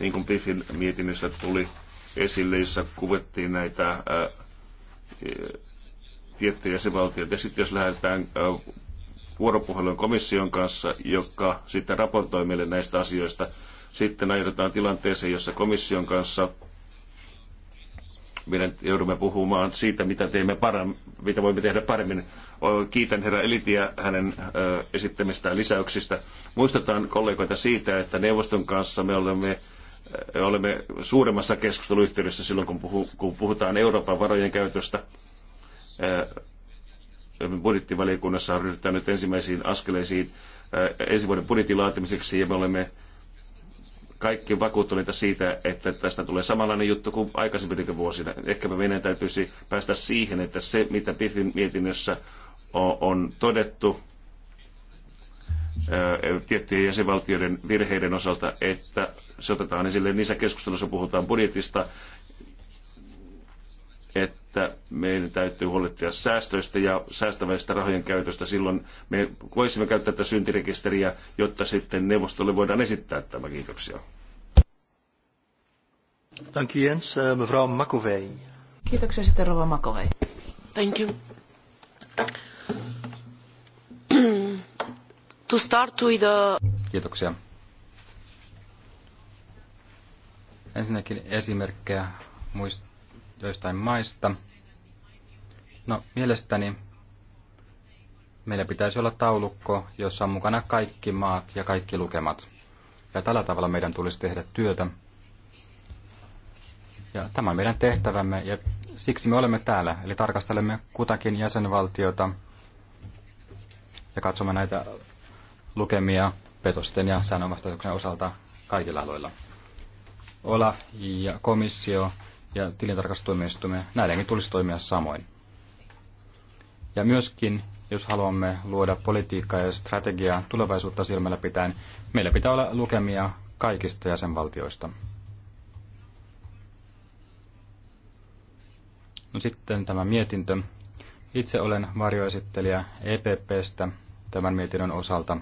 niin kuin Piffin mietinnössä tuli esille, jossa kuvettiin näitä ää, tiettyjä jäsenvaltioita. Ja sitten jos lähdetään ää, vuoropuheluun komission kanssa, joka sitten raportoi meille näistä asioista, sitten ajatetaan tilanteeseen, jossa komission kanssa meidän joudumme puhumaan siitä, mitä, teemme param, mitä voimme tehdä paremmin. Kiitän herra Elitiä hänen esittämistään lisäyksistä. Muistetaan kollegoita siitä, että neuvoston kanssa me olemme olemme suuremmassa keskusteluyhteydessä silloin, kun, puhu, kun puhutaan Euroopan varojen käytöstä. Budjettivaliokunnassa on ryhdytty nyt ensimmäisiin askeleisiin ensi vuoden budjetin laatimiseksi ja me olemme kaikki vakuuttuneita siitä, että tästä tulee samanlainen juttu kuin aikaisempina vuosina. Ehkä meidän täytyisi päästä siihen, että se, mitä PIFin mietinnössä on todettu tiettyjen jäsenvaltioiden virheiden osalta, että se otetaan esille niissä keskustelussa, puhutaan budjetista että meidän täytyy huolehtia säästöistä ja säästäväistä rahojen käytöstä. Silloin me voisimme käyttää tätä syntirekisteriä, jotta sitten neuvostolle voidaan esittää tämä. Kiitoksia. Thank you, Jens. Uh, mevrouw Makovei. Kiitoksia sitten Rova Makovei. Thank you. to start with the... Kiitoksia. Ensinnäkin esimerkkejä muista joistain maista. No, mielestäni meillä pitäisi olla taulukko, jossa on mukana kaikki maat ja kaikki lukemat. Ja tällä tavalla meidän tulisi tehdä työtä. Ja tämä on meidän tehtävämme ja siksi me olemme täällä. Eli tarkastelemme kutakin jäsenvaltiota ja katsomme näitä lukemia petosten ja säännönvastaisuuksien osalta kaikilla aloilla. Ola ja komissio ja tilintarkastustoimistomme, näidenkin tulisi toimia samoin. Ja myöskin, jos haluamme luoda politiikkaa ja strategiaa tulevaisuutta silmällä pitäen, meillä pitää olla lukemia kaikista jäsenvaltioista. No sitten tämä mietintö. Itse olen varjoesittelijä EPPstä tämän mietinnön osalta.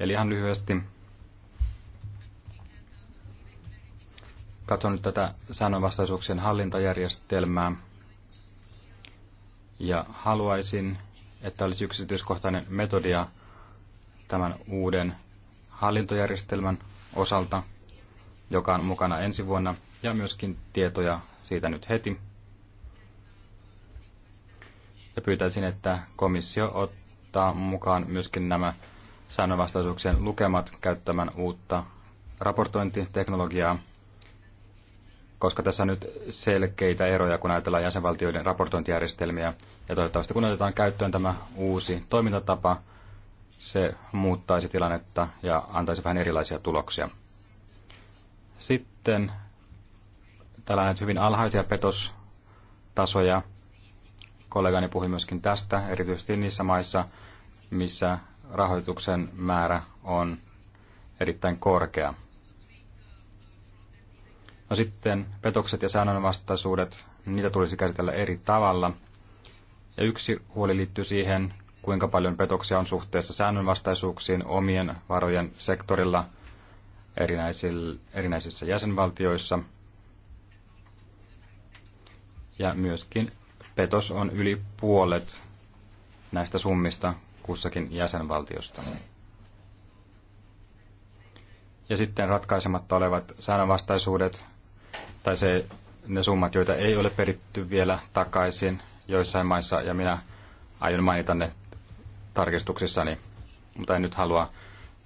Eli ihan lyhyesti katson nyt tätä säännönvastaisuuksien hallintajärjestelmää ja haluaisin, että olisi yksityiskohtainen metodia tämän uuden hallintojärjestelmän osalta, joka on mukana ensi vuonna, ja myöskin tietoja siitä nyt heti. Ja pyytäisin, että komissio ottaa mukaan myöskin nämä säännönvastaisuuksien lukemat käyttämään uutta raportointiteknologiaa – koska tässä on nyt selkeitä eroja, kun ajatellaan jäsenvaltioiden raportointijärjestelmiä. Ja toivottavasti kun otetaan käyttöön tämä uusi toimintatapa, se muuttaisi tilannetta ja antaisi vähän erilaisia tuloksia. Sitten tällainen hyvin alhaisia petostasoja. Kollegani puhui myöskin tästä, erityisesti niissä maissa, missä rahoituksen määrä on erittäin korkea. No sitten petokset ja säännönvastaisuudet, niitä tulisi käsitellä eri tavalla. Ja yksi huoli liittyy siihen, kuinka paljon petoksia on suhteessa säännönvastaisuuksiin omien varojen sektorilla erinäisissä jäsenvaltioissa. Ja myöskin petos on yli puolet näistä summista kussakin jäsenvaltiosta. Ja sitten ratkaisematta olevat säännönvastaisuudet tai se, ne summat, joita ei ole peritty vielä takaisin joissain maissa, ja minä aion mainita ne tarkistuksissani, mutta en nyt halua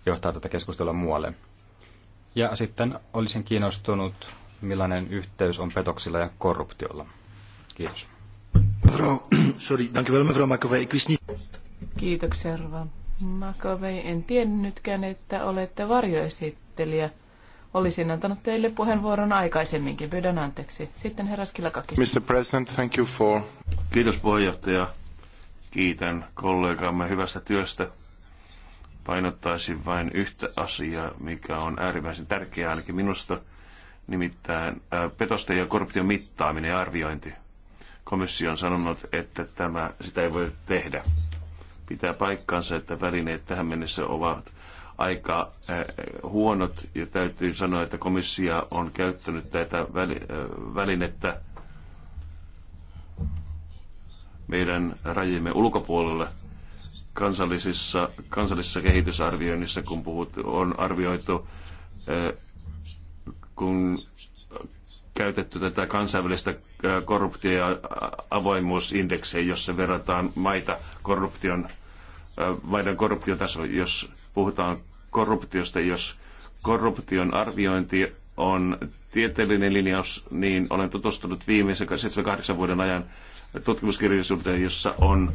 johtaa tätä keskustelua muualle. Ja sitten olisin kiinnostunut, millainen yhteys on petoksilla ja korruptiolla. Kiitos. Mevrouw, sorry, dank Makovei. Kiitoksia, Rova Makovei. En tiennytkään, että olette varjoesittelijä. Olisin antanut teille puheenvuoron aikaisemminkin. Pyydän anteeksi. Sitten herras Skilakakis. Mr. President, thank you for... Kiitos puheenjohtaja. Kiitän kollegaamme hyvästä työstä. Painottaisin vain yhtä asiaa, mikä on äärimmäisen tärkeää ainakin minusta, nimittäin äh, petosten ja korruption mittaaminen ja arviointi. Komissio on sanonut, että tämä, sitä ei voi tehdä. Pitää paikkansa, että välineet tähän mennessä ovat aika äh, huonot ja täytyy sanoa, että komissio on käyttänyt tätä äh, välinettä meidän rajimme ulkopuolelle kansallisissa, kansallisissa kehitysarvioinnissa, kun puhut, on arvioitu, äh, kun käytetty tätä kansainvälistä korruptio- ja avoimuusindeksiä, jossa verrataan maita korruption, maiden korruptiotaso, jos puhutaan korruptiosta, jos korruption arviointi on tieteellinen linjaus, niin olen tutustunut viimeisen 7-8 vuoden ajan tutkimuskirjallisuuteen, jossa on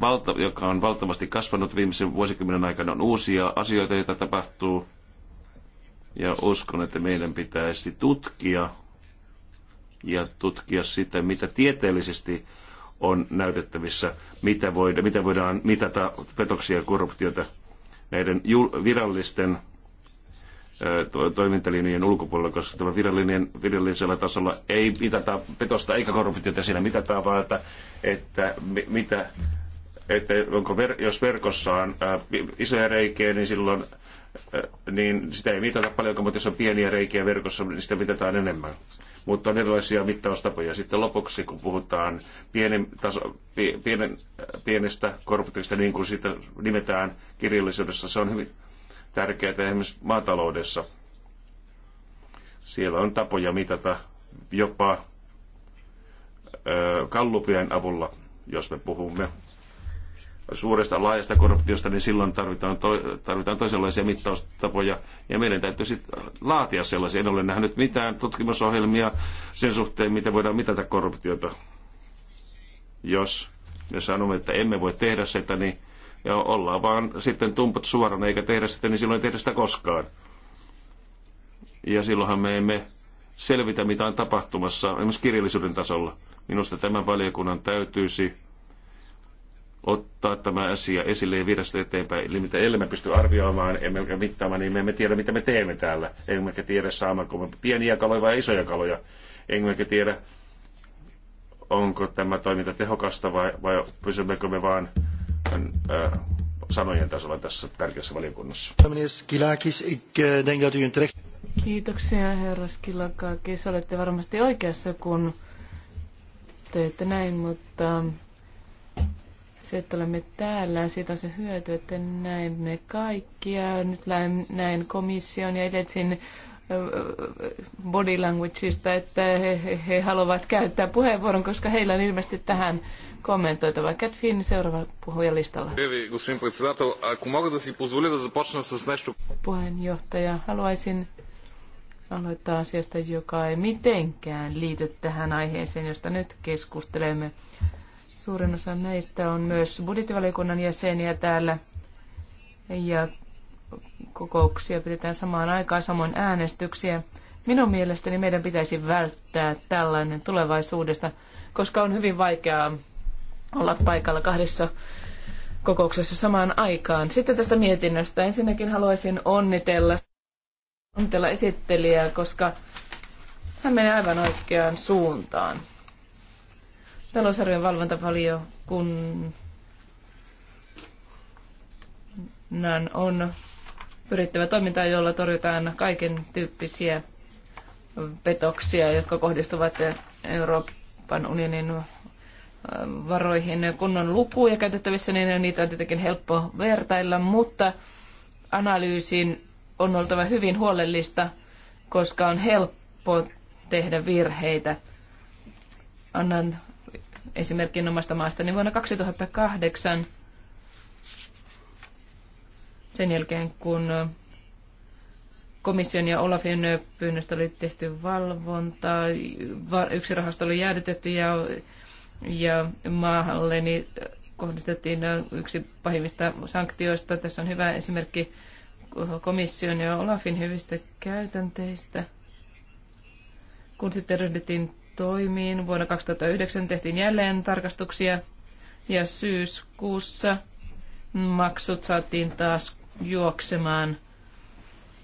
valta, joka on valtavasti kasvanut viimeisen vuosikymmenen aikana, on uusia asioita, joita tapahtuu. Ja uskon, että meidän pitäisi tutkia ja tutkia sitä, mitä tieteellisesti on näytettävissä, mitä, voida, mitä voidaan mitata petoksia ja korruptiota näiden virallisten toimintalinjojen ulkopuolella, koska tämä virallinen, virallisella tasolla ei mitata petosta eikä korruptiota siinä mitataan, vaan että, että mitä, että onko ver, jos verkossa on ää, isoja reikiä, niin silloin ää, niin sitä ei mitata paljon, mutta jos on pieniä reikiä verkossa, niin sitä mitataan enemmän mutta on erilaisia mittaustapoja. Sitten lopuksi, kun puhutaan pienen taso, äh, pienen, pienestä korruptiosta, niin kuin sitä nimetään kirjallisuudessa, se on hyvin tärkeää esimerkiksi maataloudessa. Siellä on tapoja mitata jopa ö, äh, kallupien avulla, jos me puhumme suuresta laajasta korruptiosta, niin silloin tarvitaan, to, tarvitaan toisenlaisia mittaustapoja. Ja meidän täytyy sitten laatia sellaisia. En ole nähnyt mitään tutkimusohjelmia sen suhteen, miten voidaan mitata korruptiota. Jos me sanomme, että emme voi tehdä sitä, niin ja ollaan vaan sitten tumput suorana eikä tehdä sitä, niin silloin ei tehdä sitä koskaan. Ja silloinhan me emme selvitä, mitä on tapahtumassa esimerkiksi kirjallisuuden tasolla. Minusta tämän valiokunnan täytyisi ottaa tämä asia esille ja viedä sitä eteenpäin. Eli mitä ellei me pysty arvioimaan ja mittaamaan, niin me emme tiedä, mitä me teemme täällä. Emmekä tiedä, saammeko me pieniä kaloja vai isoja kaloja. Emmekä tiedä, onko tämä toiminta tehokasta vai, vai pysymmekö me vaan äh, sanojen tasolla tässä tärkeässä valiokunnassa. Kiitoksia herra Skilakakis. Olette varmasti oikeassa, kun teette näin, mutta se, että olemme täällä, siitä on se hyöty, että näemme kaikkia. Nyt näen komission ja Edetsin body languageista, että he, he, he haluavat käyttää puheenvuoron, koska heillä on ilmeisesti tähän kommentoitava. Cat Finn, seuraava puhuja listalla. Puheenjohtaja, haluaisin aloittaa asiasta, joka ei mitenkään liity tähän aiheeseen, josta nyt keskustelemme. Suurin osa näistä on myös budjettivaliokunnan jäseniä täällä ja kokouksia pidetään samaan aikaan, samoin äänestyksiä. Minun mielestäni meidän pitäisi välttää tällainen tulevaisuudesta, koska on hyvin vaikeaa olla paikalla kahdessa kokouksessa samaan aikaan. Sitten tästä mietinnöstä. Ensinnäkin haluaisin onnitella, onnitella esittelijää, koska hän menee aivan oikeaan suuntaan talousarvion kun valvontavaliokunnan on pyrittävä toimintaa, jolla torjutaan kaiken tyyppisiä petoksia, jotka kohdistuvat Euroopan unionin äh, varoihin. Kun on lukuja käytettävissä, niin niitä on tietenkin helppo vertailla, mutta analyysiin on oltava hyvin huolellista, koska on helppo tehdä virheitä. Annan esimerkin omasta niin vuonna 2008 sen jälkeen, kun komission ja Olafin pyynnöstä oli tehty valvonta yksi rahasto oli jäädytetty ja, ja maahalle niin kohdistettiin yksi pahimmista sanktioista. Tässä on hyvä esimerkki komission ja Olafin hyvistä käytänteistä. Kun sitten ryhdyttiin toimiin. Vuonna 2009 tehtiin jälleen tarkastuksia ja syyskuussa maksut saatiin taas juoksemaan.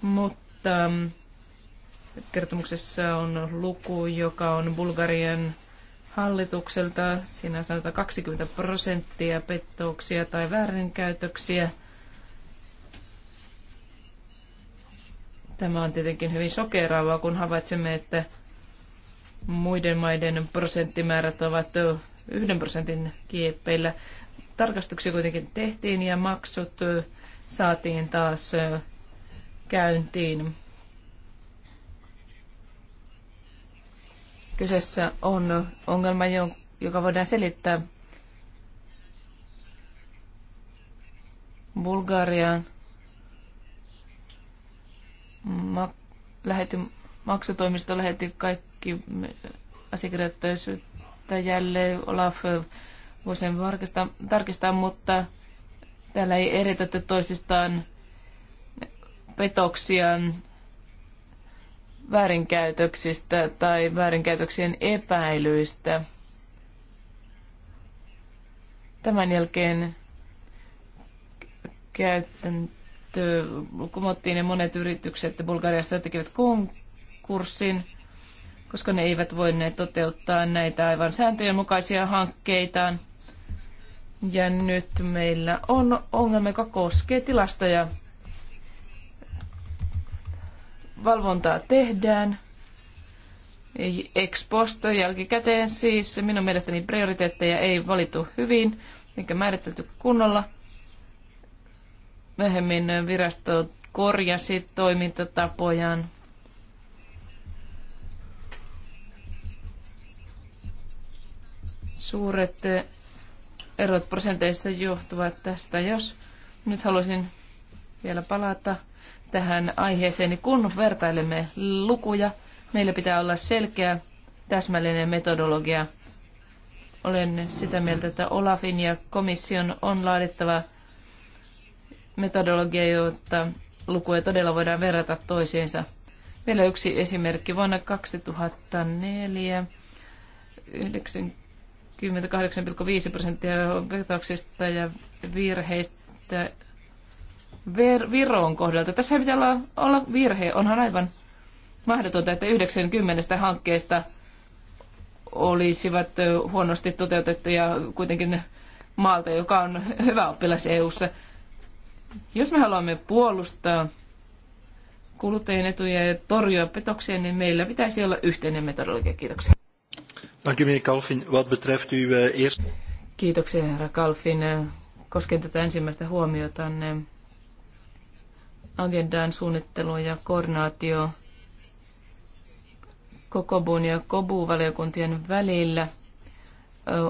Mutta mm, kertomuksessa on luku, joka on Bulgarian hallitukselta. Siinä sanotaan 20 prosenttia pettouksia tai väärinkäytöksiä. Tämä on tietenkin hyvin sokeraavaa, kun havaitsemme, että Muiden maiden prosenttimäärät ovat yhden prosentin kieppeillä. Tarkastuksia kuitenkin tehtiin ja maksut saatiin taas käyntiin. Kyseessä on ongelma, joka voidaan selittää Bulgarian mak- lähetti, maksutoimisto lähetti kaikki kaikki asiakirjat syyttäjälle Olaf voi sen tarkistaa, mutta täällä ei eritetty toisistaan petoksia väärinkäytöksistä tai väärinkäytöksien epäilyistä. Tämän jälkeen käytäntö kumottiin ja monet yritykset Bulgariassa tekivät konkurssin koska ne eivät voineet toteuttaa näitä aivan sääntöjen mukaisia hankkeitaan. Ja nyt meillä on ongelma, joka koskee ja Valvontaa tehdään. Exposto jälkikäteen siis. Minun mielestäni prioriteetteja ei valittu hyvin eikä määritelty kunnolla. Myöhemmin virasto korjasi toimintatapojaan Suuret eh, erot prosenteissa johtuvat tästä. Jos nyt haluaisin vielä palata tähän aiheeseen, niin kun vertailemme lukuja, meillä pitää olla selkeä, täsmällinen metodologia. Olen sitä mieltä, että Olafin ja komission on laadittava metodologia, jotta lukuja todella voidaan verrata toisiinsa. Vielä yksi esimerkki. Vuonna 2004 90 10,8,5 prosenttia petoksista ja virheistä Ver- Viron kohdalta. Tässä pitää olla, olla virhe. Onhan aivan mahdotonta, että 90 hankkeesta olisivat huonosti toteutettuja kuitenkin maalta, joka on hyvä oppilas EU-ssa. Jos me haluamme puolustaa kuluttajien etuja ja torjua petoksia, niin meillä pitäisi olla yhteinen metodologia. Kiitoksia. Dank u, meneer Kalfin. Wat betreft uw eh, eerste... Kiitoksia, herra Kalfin. Koskien tätä ensimmäistä huomiota, agendan suunnittelu ja koordinaatio Kokobun ja Kobu-valiokuntien välillä.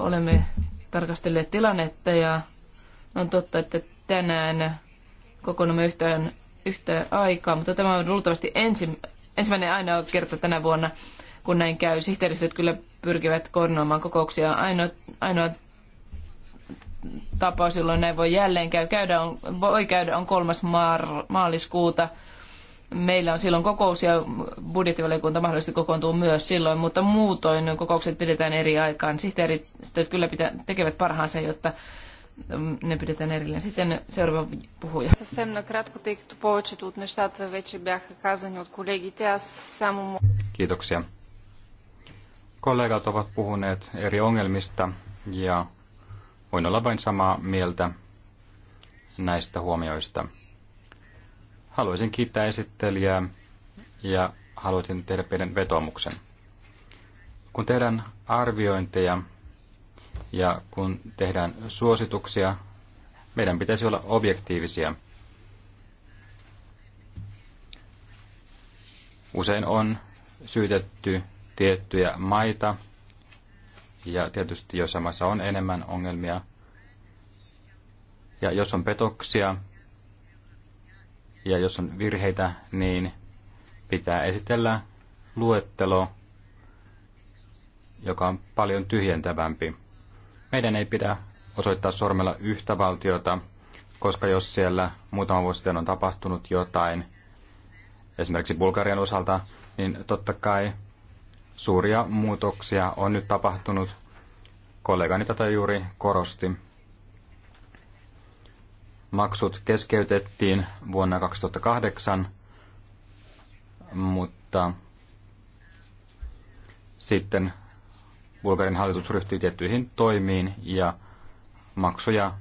Olemme tarkastelleet tilannetta ja on totta, että tänään kokoonnumme yhtään, aikaa, mutta tämä on luultavasti ensi, ensimmäinen ainoa kerta tänä vuonna, kun näin käy. Sihteeristöt kyllä pyrkivät koordinoimaan kokouksia. Ainoa, ainoa tapa, silloin näin voi jälleen käy, käydä, on, voi käydä, on kolmas maar, maaliskuuta. Meillä on silloin kokous ja budjettivaliokunta mahdollisesti kokoontuu myös silloin, mutta muutoin kokoukset pidetään eri aikaan. Sihteerit kyllä pitä tekevät parhaansa, jotta mm, ne pidetään erillään. Sitten seuraava puhuja. Съвсем накратко, тъй като повечето от нещата вече бяха казани от колегите, аз само... Kiitoksia. Kollegat ovat puhuneet eri ongelmista ja voin olla vain samaa mieltä näistä huomioista. Haluaisin kiittää esittelijää ja haluaisin tehdä pienen vetomuksen. Kun tehdään arviointeja ja kun tehdään suosituksia, meidän pitäisi olla objektiivisia. Usein on syytetty tiettyjä maita, ja tietysti jossain maissa on enemmän ongelmia. Ja jos on petoksia ja jos on virheitä, niin pitää esitellä luettelo, joka on paljon tyhjentävämpi. Meidän ei pidä osoittaa sormella yhtä valtiota, koska jos siellä muutama vuosi sitten on tapahtunut jotain, esimerkiksi Bulgarian osalta, niin totta kai Suuria muutoksia on nyt tapahtunut. Kollegani tätä juuri korosti. Maksut keskeytettiin vuonna 2008, mutta sitten Bulgarin hallitus ryhtyi tiettyihin toimiin ja maksuja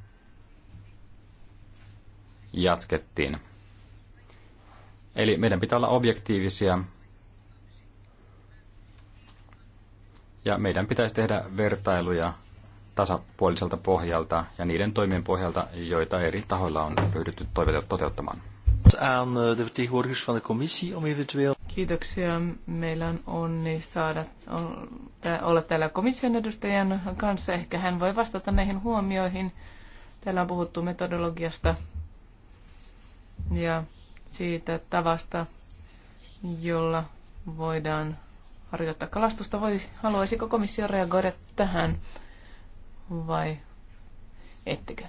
jatkettiin. Eli meidän pitää olla objektiivisia ja meidän pitäisi tehdä vertailuja tasapuoliselta pohjalta ja niiden toimien pohjalta, joita eri tahoilla on ryhdytty toteuttamaan. Eh, Kiitoksia. Meillä on onni saada olla täällä komission edustajan kanssa. Ehkä hän voi vastata näihin huomioihin. Täällä on puhuttu metodologiasta ja siitä tavasta, jolla voidaan harjoittaa kalastusta. Voi, haluaisiko komissio reagoida tähän vai ettekö?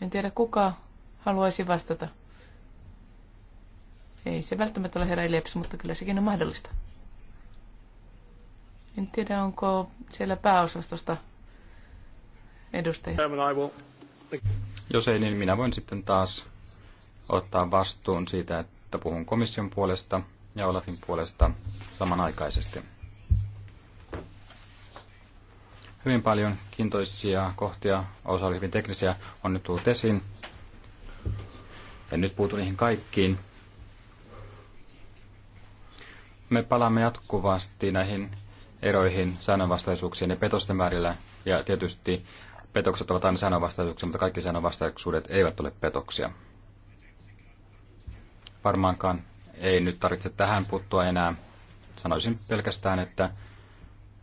En tiedä kuka haluaisi vastata. Ei se välttämättä ole herra mutta kyllä sekin on mahdollista. En tiedä, onko siellä pääosastosta edustajia. Jos ei, niin minä voin sitten taas ottaa vastuun siitä, että puhun komission puolesta – ja Olafin puolesta samanaikaisesti. Hyvin paljon kiintoisia kohtia, osa oli hyvin teknisiä, on nyt tullut esiin. En nyt puutu niihin kaikkiin. Me palaamme jatkuvasti näihin eroihin, säännönvastaisuuksien ja petosten määrillä. Ja tietysti petokset ovat aina säännönvastaisuuksia, mutta kaikki säännönvastaisuudet eivät ole petoksia. Varmaankaan ei nyt tarvitse tähän puuttua enää. Sanoisin pelkästään, että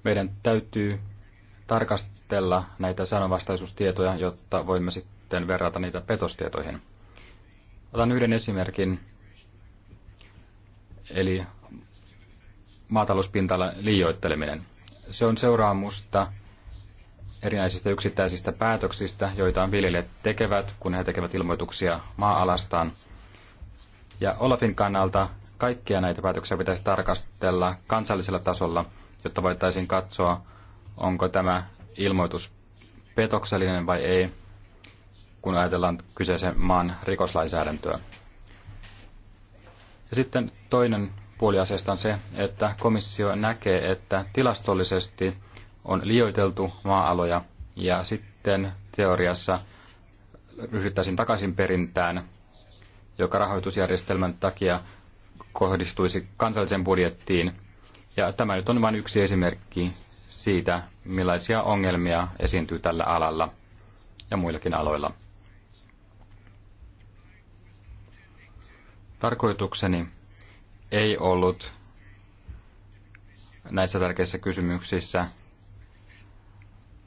meidän täytyy tarkastella näitä sananvastaisuustietoja, jotta voimme sitten verrata niitä petostietoihin. Otan yhden esimerkin, eli maatalouspintalla liioitteleminen. Se on seuraamusta erinäisistä yksittäisistä päätöksistä, joita viljelijät tekevät, kun he tekevät ilmoituksia maa-alastaan – ja Olafin kannalta kaikkia näitä päätöksiä pitäisi tarkastella kansallisella tasolla, jotta voitaisiin katsoa, onko tämä ilmoitus petoksellinen vai ei, kun ajatellaan kyseisen maan rikoslainsäädäntöä. Ja sitten toinen puoli asiasta on se, että komissio näkee, että tilastollisesti on liioiteltu maa-aloja ja sitten teoriassa ryhdyttäisiin takaisin perintään joka rahoitusjärjestelmän takia kohdistuisi kansalliseen budjettiin. Ja tämä nyt on vain yksi esimerkki siitä, millaisia ongelmia esiintyy tällä alalla ja muillakin aloilla. Tarkoitukseni ei ollut näissä tärkeissä kysymyksissä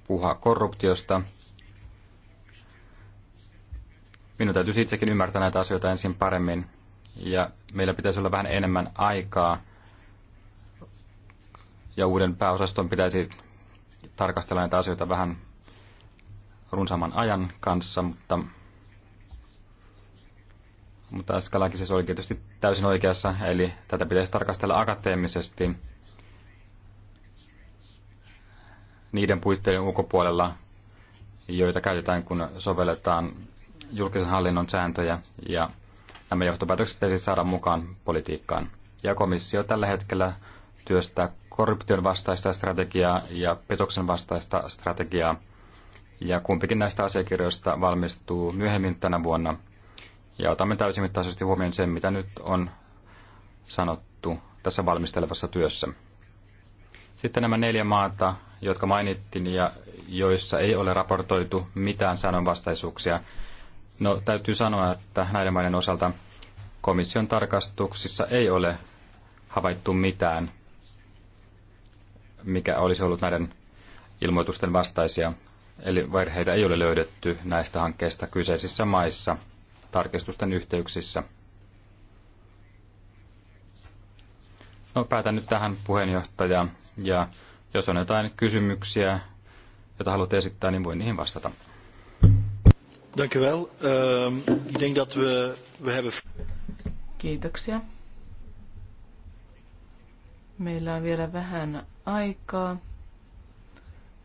puhua korruptiosta Minun täytyisi siis itsekin ymmärtää näitä asioita ensin paremmin. Ja meillä pitäisi olla vähän enemmän aikaa. Ja uuden pääosaston pitäisi tarkastella näitä asioita vähän runsaamman ajan kanssa, mutta mutta Skalakis siis oli tietysti täysin oikeassa, eli tätä pitäisi tarkastella akateemisesti niiden puitteiden ulkopuolella, joita käytetään, kun sovelletaan julkisen hallinnon sääntöjä ja nämä johtopäätökset pitäisi saada mukaan politiikkaan. Ja komissio tällä hetkellä työstää korruption vastaista strategiaa ja petoksen vastaista strategiaa. Ja kumpikin näistä asiakirjoista valmistuu myöhemmin tänä vuonna. Ja otamme täysimittaisesti huomioon sen, mitä nyt on sanottu tässä valmistelevassa työssä. Sitten nämä neljä maata, jotka mainittiin ja joissa ei ole raportoitu mitään sanonvastaisuuksia, No täytyy sanoa, että näiden maiden osalta komission tarkastuksissa ei ole havaittu mitään, mikä olisi ollut näiden ilmoitusten vastaisia. Eli virheitä ei ole löydetty näistä hankkeista kyseisissä maissa tarkistusten yhteyksissä. No päätän nyt tähän puheenjohtaja ja jos on jotain kysymyksiä, joita haluat esittää, niin voin niihin vastata. Dank u wel. Ehm, ik denk dat we, we hebben... Kiitoksia. Meillä on vielä vähän aikaa.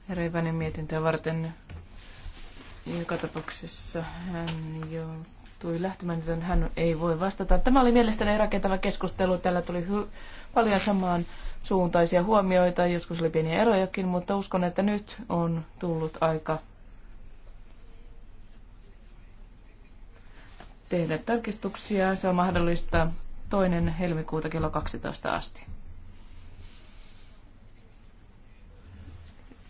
Reivänen mietintöä varten joka tapauksessa hän tuli lähtemään, joten hän ei voi vastata. Tämä oli mielestäni rakentava keskustelu. Täällä tuli hy- paljon samaan suuntaisia huomioita, joskus oli pieniä erojakin, mutta uskon, että nyt on tullut aika tehdä tarkistuksia. Se on mahdollista toinen helmikuuta kello 12 asti.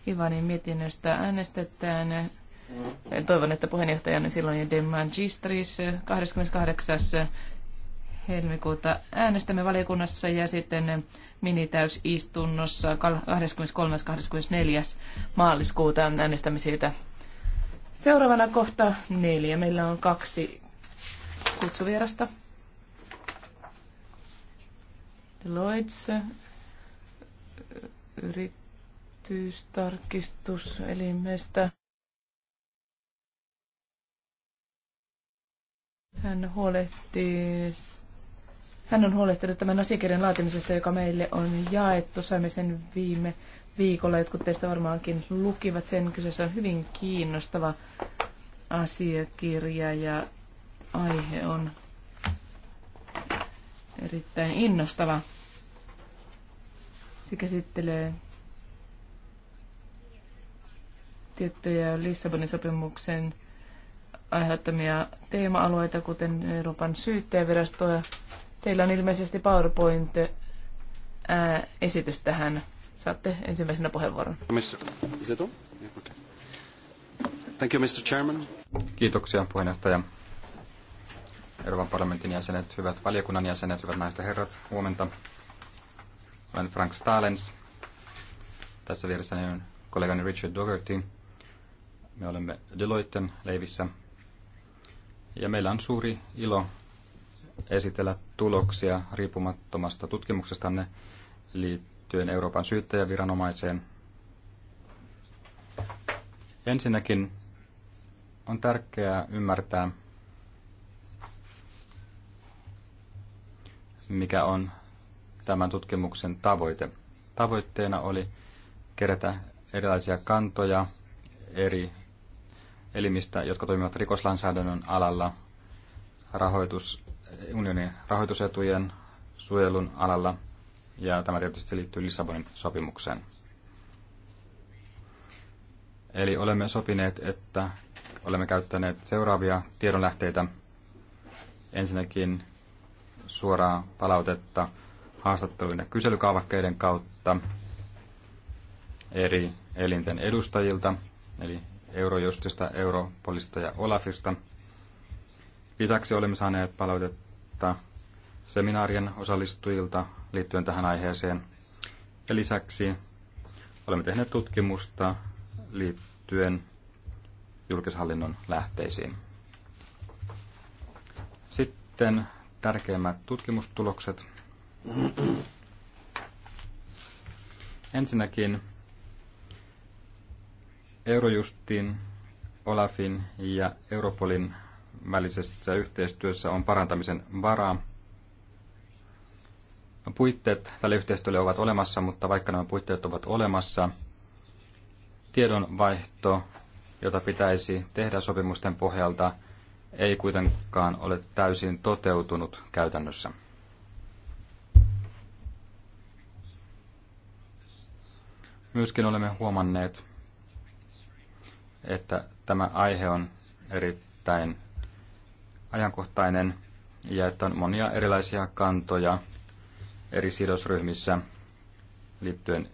Ivanin mietinnöstä äänestetään. Toivon, että puheenjohtajana silloin ja Demman Gistris 28. helmikuuta äänestämme valiokunnassa ja sitten minitäysistunnossa 23. 24. maaliskuuta äänestämme siitä. Seuraavana kohta neljä. Meillä on kaksi kutsuvierasta. Deloitte yritystarkistuselimestä. Hän huolehtii hän on huolehtinut tämän asiakirjan laatimisesta, joka meille on jaettu. Saimme sen viime viikolla. Jotkut teistä varmaankin lukivat sen. Kyseessä on hyvin kiinnostava asiakirja ja aihe on erittäin innostava. Se käsittelee tiettyjä Lissabonin sopimuksen aiheuttamia teema-alueita, kuten Euroopan syyttäjävirasto. Teillä on ilmeisesti PowerPoint-esitys tähän. Saatte ensimmäisenä puheenvuoron. Thank you, Mr. Chairman. Kiitoksia puheenjohtaja. Euroopan parlamentin jäsenet, hyvät valiokunnan jäsenet, hyvät naiset ja herrat, huomenta. Olen Frank Stalens. Tässä vieressäni on kollegani Richard Dougherty. Me olemme Deloitten leivissä. Ja meillä on suuri ilo esitellä tuloksia riippumattomasta tutkimuksestanne liittyen Euroopan syyttäjäviranomaiseen. Ensinnäkin on tärkeää ymmärtää, mikä on tämän tutkimuksen tavoite. Tavoitteena oli kerätä erilaisia kantoja eri elimistä, jotka toimivat rikoslainsäädännön alalla, rahoitus, unionin rahoitusetujen suojelun alalla, ja tämä tietysti liittyy Lissabonin sopimukseen. Eli olemme sopineet, että olemme käyttäneet seuraavia tiedonlähteitä. Ensinnäkin suoraa palautetta haastattelujen ja kyselykaavakkeiden kautta eri elinten edustajilta, eli Eurojustista, Europolista ja Olafista. Lisäksi olemme saaneet palautetta seminaarien osallistujilta liittyen tähän aiheeseen. Ja lisäksi olemme tehneet tutkimusta liittyen julkishallinnon lähteisiin. Sitten tärkeimmät tutkimustulokset. Ensinnäkin Eurojustin, Olafin ja Europolin välisessä yhteistyössä on parantamisen varaa. Puitteet tälle yhteistyölle ovat olemassa, mutta vaikka nämä puitteet ovat olemassa, tiedonvaihto, jota pitäisi tehdä sopimusten pohjalta, ei kuitenkaan ole täysin toteutunut käytännössä. Myöskin olemme huomanneet, että tämä aihe on erittäin ajankohtainen ja että on monia erilaisia kantoja eri sidosryhmissä liittyen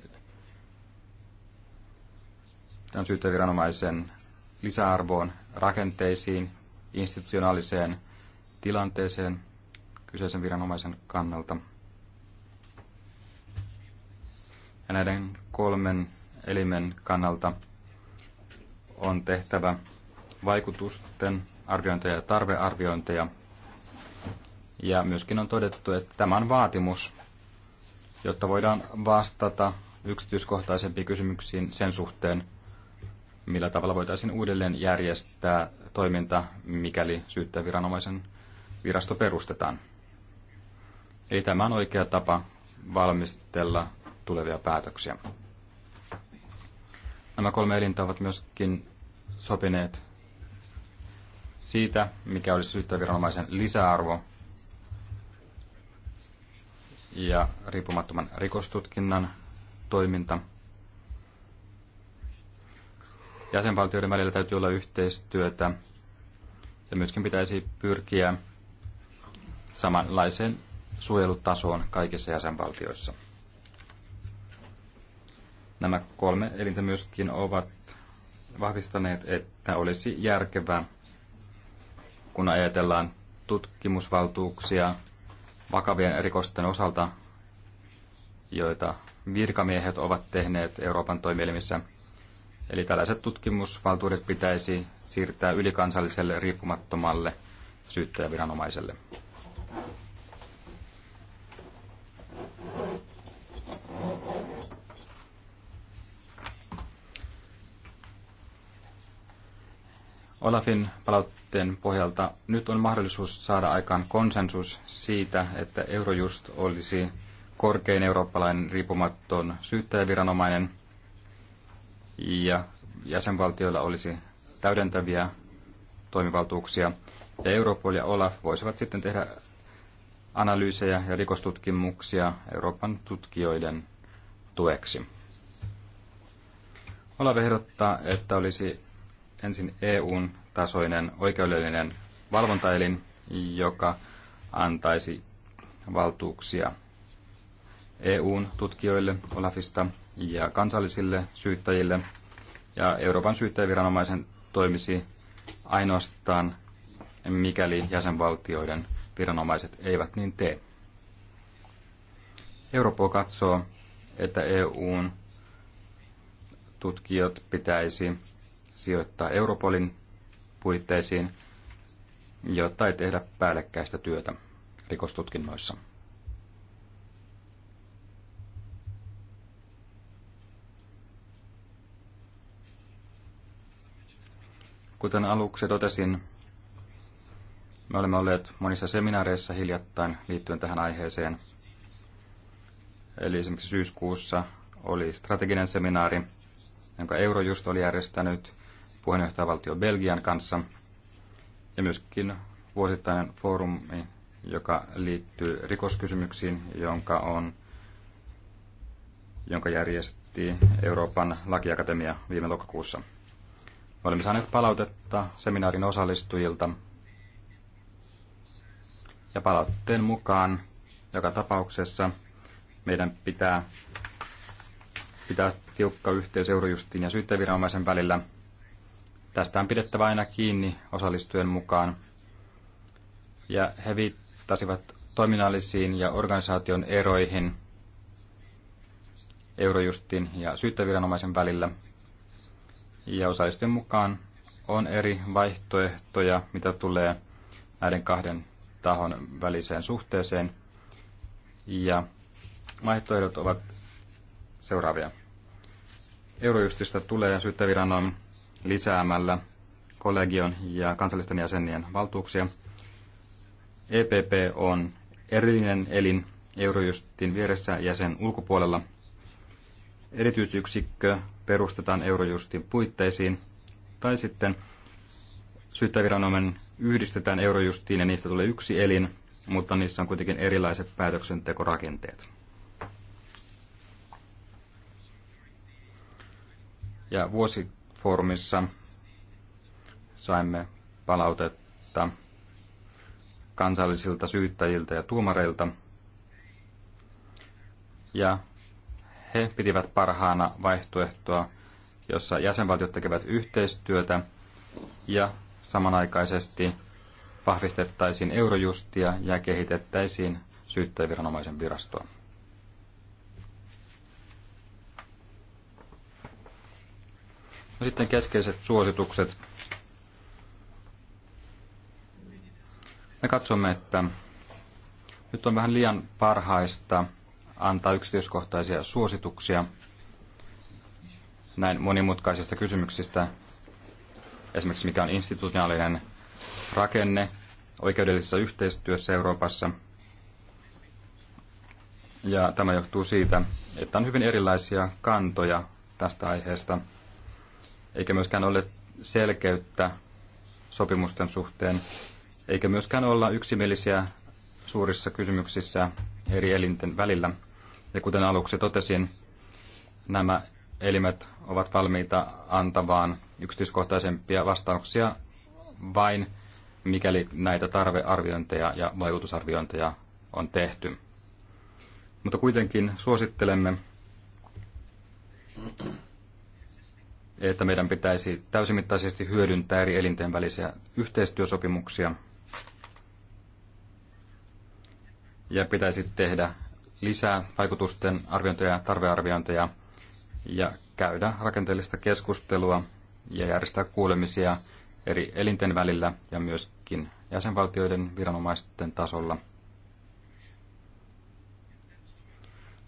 tämän syyttäjäviranomaisen lisäarvoon, rakenteisiin institutionaaliseen tilanteeseen kyseisen viranomaisen kannalta. Ja näiden kolmen elimen kannalta on tehtävä vaikutusten arviointeja ja tarvearviointeja. Ja myöskin on todettu, että tämä on vaatimus, jotta voidaan vastata yksityiskohtaisempiin kysymyksiin sen suhteen, millä tavalla voitaisiin uudelleen järjestää toiminta, mikäli syyttäjäviranomaisen virasto perustetaan. Eli tämä on oikea tapa valmistella tulevia päätöksiä. Nämä kolme elintä ovat myöskin sopineet siitä, mikä olisi syyttäjäviranomaisen lisäarvo ja riippumattoman rikostutkinnan toiminta – jäsenvaltioiden välillä täytyy olla yhteistyötä ja myöskin pitäisi pyrkiä samanlaiseen suojelutasoon kaikissa jäsenvaltioissa. Nämä kolme elintä myöskin ovat vahvistaneet, että olisi järkevää, kun ajatellaan tutkimusvaltuuksia vakavien rikosten osalta, joita virkamiehet ovat tehneet Euroopan toimielimissä – Eli tällaiset tutkimusvaltuudet pitäisi siirtää ylikansalliselle riippumattomalle syyttäjäviranomaiselle. Olafin palautteen pohjalta nyt on mahdollisuus saada aikaan konsensus siitä, että Eurojust olisi korkein eurooppalainen riippumaton syyttäjäviranomainen – ja jäsenvaltioilla olisi täydentäviä toimivaltuuksia. Ja Europol ja Olaf voisivat sitten tehdä analyysejä ja rikostutkimuksia Euroopan tutkijoiden tueksi. Olaf ehdottaa, että olisi ensin EUn tasoinen oikeudellinen valvontaelin, joka antaisi valtuuksia EUn tutkijoille Olafista ja kansallisille syyttäjille. Ja Euroopan syyttäjäviranomaisen toimisi ainoastaan, mikäli jäsenvaltioiden viranomaiset eivät niin tee. Eurooppa katsoo, että EUn tutkijat pitäisi sijoittaa Europolin puitteisiin, jotta ei tehdä päällekkäistä työtä rikostutkinnoissa. Kuten aluksi totesin, me olemme olleet monissa seminaareissa hiljattain liittyen tähän aiheeseen. Eli esimerkiksi syyskuussa oli strateginen seminaari, jonka Eurojust oli järjestänyt puheenjohtajavaltio Belgian kanssa, ja myöskin vuosittainen foorumi, joka liittyy rikoskysymyksiin, jonka, on, jonka järjesti Euroopan lakiakatemia viime lokakuussa. Olemme saaneet palautetta seminaarin osallistujilta. Ja palautteen mukaan joka tapauksessa meidän pitää pitää tiukka yhteys eurojustin ja syytteviranomaisen välillä. Tästä on pidettävä aina kiinni osallistujien mukaan. Ja he viittasivat toiminnallisiin ja organisaation eroihin eurojustin ja syytteviranomaisen välillä – ja osallisten mukaan on eri vaihtoehtoja, mitä tulee näiden kahden tahon väliseen suhteeseen. Ja vaihtoehdot ovat seuraavia. Eurojustista tulee syyttäviranon lisäämällä kollegion ja kansallisten jäsenien valtuuksia. EPP on erillinen elin Eurojustin vieressä ja sen ulkopuolella, erityisyksikkö perustetaan Eurojustin puitteisiin, tai sitten syyttäjäviranomainen yhdistetään Eurojustiin ja niistä tulee yksi elin, mutta niissä on kuitenkin erilaiset päätöksentekorakenteet. Ja vuosifoorumissa saimme palautetta kansallisilta syyttäjiltä ja tuomareilta. Ja he pitivät parhaana vaihtoehtoa, jossa jäsenvaltiot tekevät yhteistyötä ja samanaikaisesti vahvistettaisiin eurojustia ja kehitettäisiin syyttäjäviranomaisen virastoa. No sitten keskeiset suositukset. Me katsomme, että nyt on vähän liian parhaista – antaa yksityiskohtaisia suosituksia näin monimutkaisista kysymyksistä, esimerkiksi mikä on institutionaalinen rakenne oikeudellisessa yhteistyössä Euroopassa. Ja tämä johtuu siitä, että on hyvin erilaisia kantoja tästä aiheesta, eikä myöskään ole selkeyttä sopimusten suhteen, eikä myöskään olla yksimielisiä suurissa kysymyksissä eri elinten välillä – ja kuten aluksi totesin, nämä elimet ovat valmiita antamaan yksityiskohtaisempia vastauksia vain, mikäli näitä tarvearviointeja ja vaikutusarviointeja on tehty. Mutta kuitenkin suosittelemme, että meidän pitäisi täysimittaisesti hyödyntää eri elinten välisiä yhteistyösopimuksia ja pitäisi tehdä lisää vaikutusten arviointeja ja tarvearviointeja ja käydä rakenteellista keskustelua ja järjestää kuulemisia eri elinten välillä ja myöskin jäsenvaltioiden viranomaisten tasolla.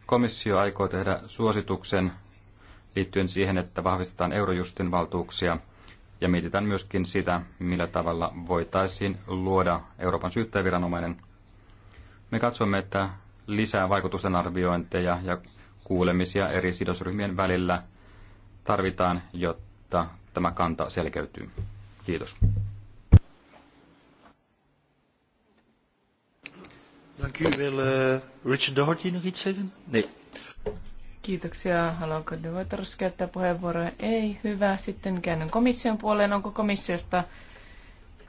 Komissio aikoo tehdä suosituksen liittyen siihen, että vahvistetaan Eurojustin valtuuksia ja mietitään myöskin sitä, millä tavalla voitaisiin luoda Euroopan syyttäjäviranomainen. Me katsomme, että lisää vaikutusten arviointeja ja kuulemisia eri sidosryhmien välillä tarvitaan, jotta tämä kanta selkeytyy. Kiitos. Eh, Richard Doherty Kiitoksia. Haluanko Devators käyttää puheenvuoroa? Ei. Hyvä. Sitten käännyn komission puoleen. Onko komissiosta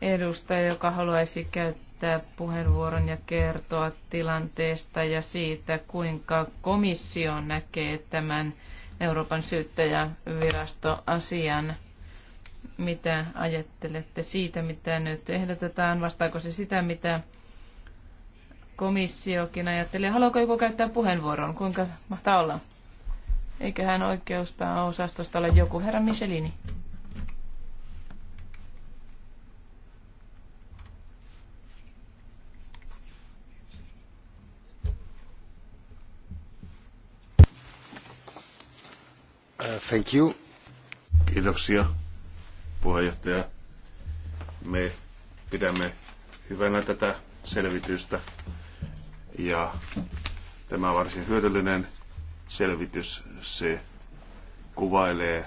edustaja, joka haluaisi käyttää? käyttää puheenvuoron ja kertoa tilanteesta ja siitä, kuinka komissio näkee tämän Euroopan syyttäjävirastoasian. Mitä ajattelette siitä, mitä nyt ehdotetaan? Vastaako se sitä, mitä komissiokin ajattelee? Haluaako joku käyttää puheenvuoron? Kuinka mahtaa olla? Eiköhän oikeuspääosastosta ole joku herra Michelini. thank you. Kiitoksia, puheenjohtaja. Me pidämme hyvänä tätä selvitystä ja tämä on varsin hyödyllinen selvitys. Se kuvailee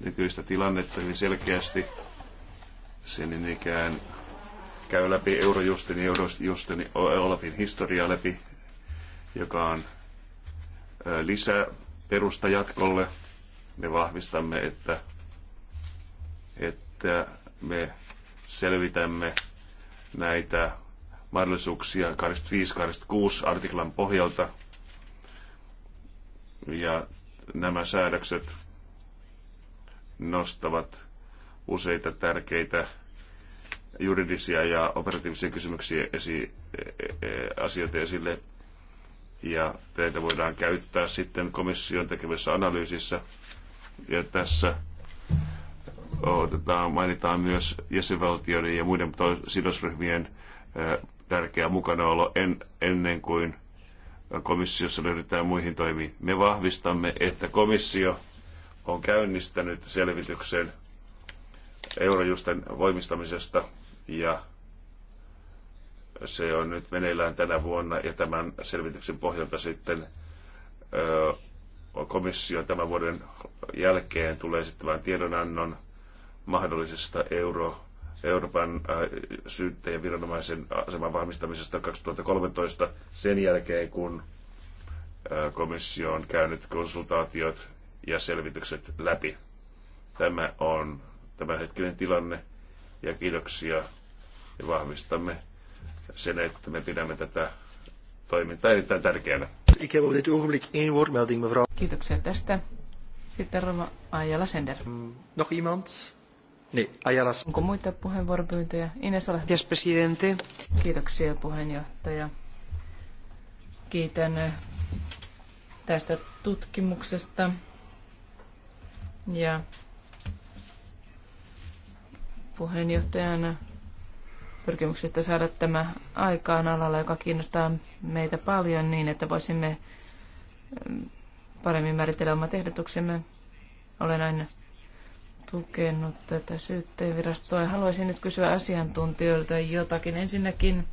nykyistä tilannetta hyvin selkeästi. sen niin ikään käy läpi Eurojustin ja Eurojustin Olafin historiaa läpi, joka on lisä perusta jatkolle – me vahvistamme, että, että me selvitämme näitä mahdollisuuksia 25-26 artiklan pohjalta. Ja nämä säädökset nostavat useita tärkeitä juridisia ja operatiivisia kysymyksiä esi- e-, e-, asioita esille. Ja teitä voidaan käyttää sitten komission tekemässä analyysissä ja tässä otetaan, mainitaan myös jäsenvaltioiden ja muiden sidosryhmien tärkeä mukanaolo en, ennen kuin komissiossa löydetään muihin toimiin. Me vahvistamme, että komissio on käynnistänyt selvityksen eurojusten voimistamisesta ja se on nyt meneillään tänä vuonna ja tämän selvityksen pohjalta sitten komissio tämän vuoden jälkeen tulee esittämään tiedonannon mahdollisesta euro, Euroopan äh, syyttäjän viranomaisen aseman vahvistamisesta 2013 sen jälkeen, kun äh, komissio on käynyt konsultaatiot ja selvitykset läpi. Tämä on tämänhetkinen tilanne ja kiitoksia ja vahvistamme sen, että me pidämme tätä toimintaa erittäin tärkeänä. Ik heb op dit ogenblik één woordmelding, mevrouw. Kiitoksia tästä. Sitten Rova Ajala Sender. Mm, nog iemand? Nee, Ajala. Onko muita puheenvuoropyyntöjä? Ines, ole Kiitos, presidente. Kiitoksia, puheenjohtaja. Kiitän eh, tästä tutkimuksesta. Ja puheenjohtajana pyrkimyksestä saada tämä aikaan alalla, joka kiinnostaa meitä paljon niin, että voisimme mm, paremmin määritellä omat ehdotuksemme. Olen aina tukenut tätä syytteenvirastoa ja haluaisin nyt kysyä asiantuntijoilta jotakin. Ensinnäkin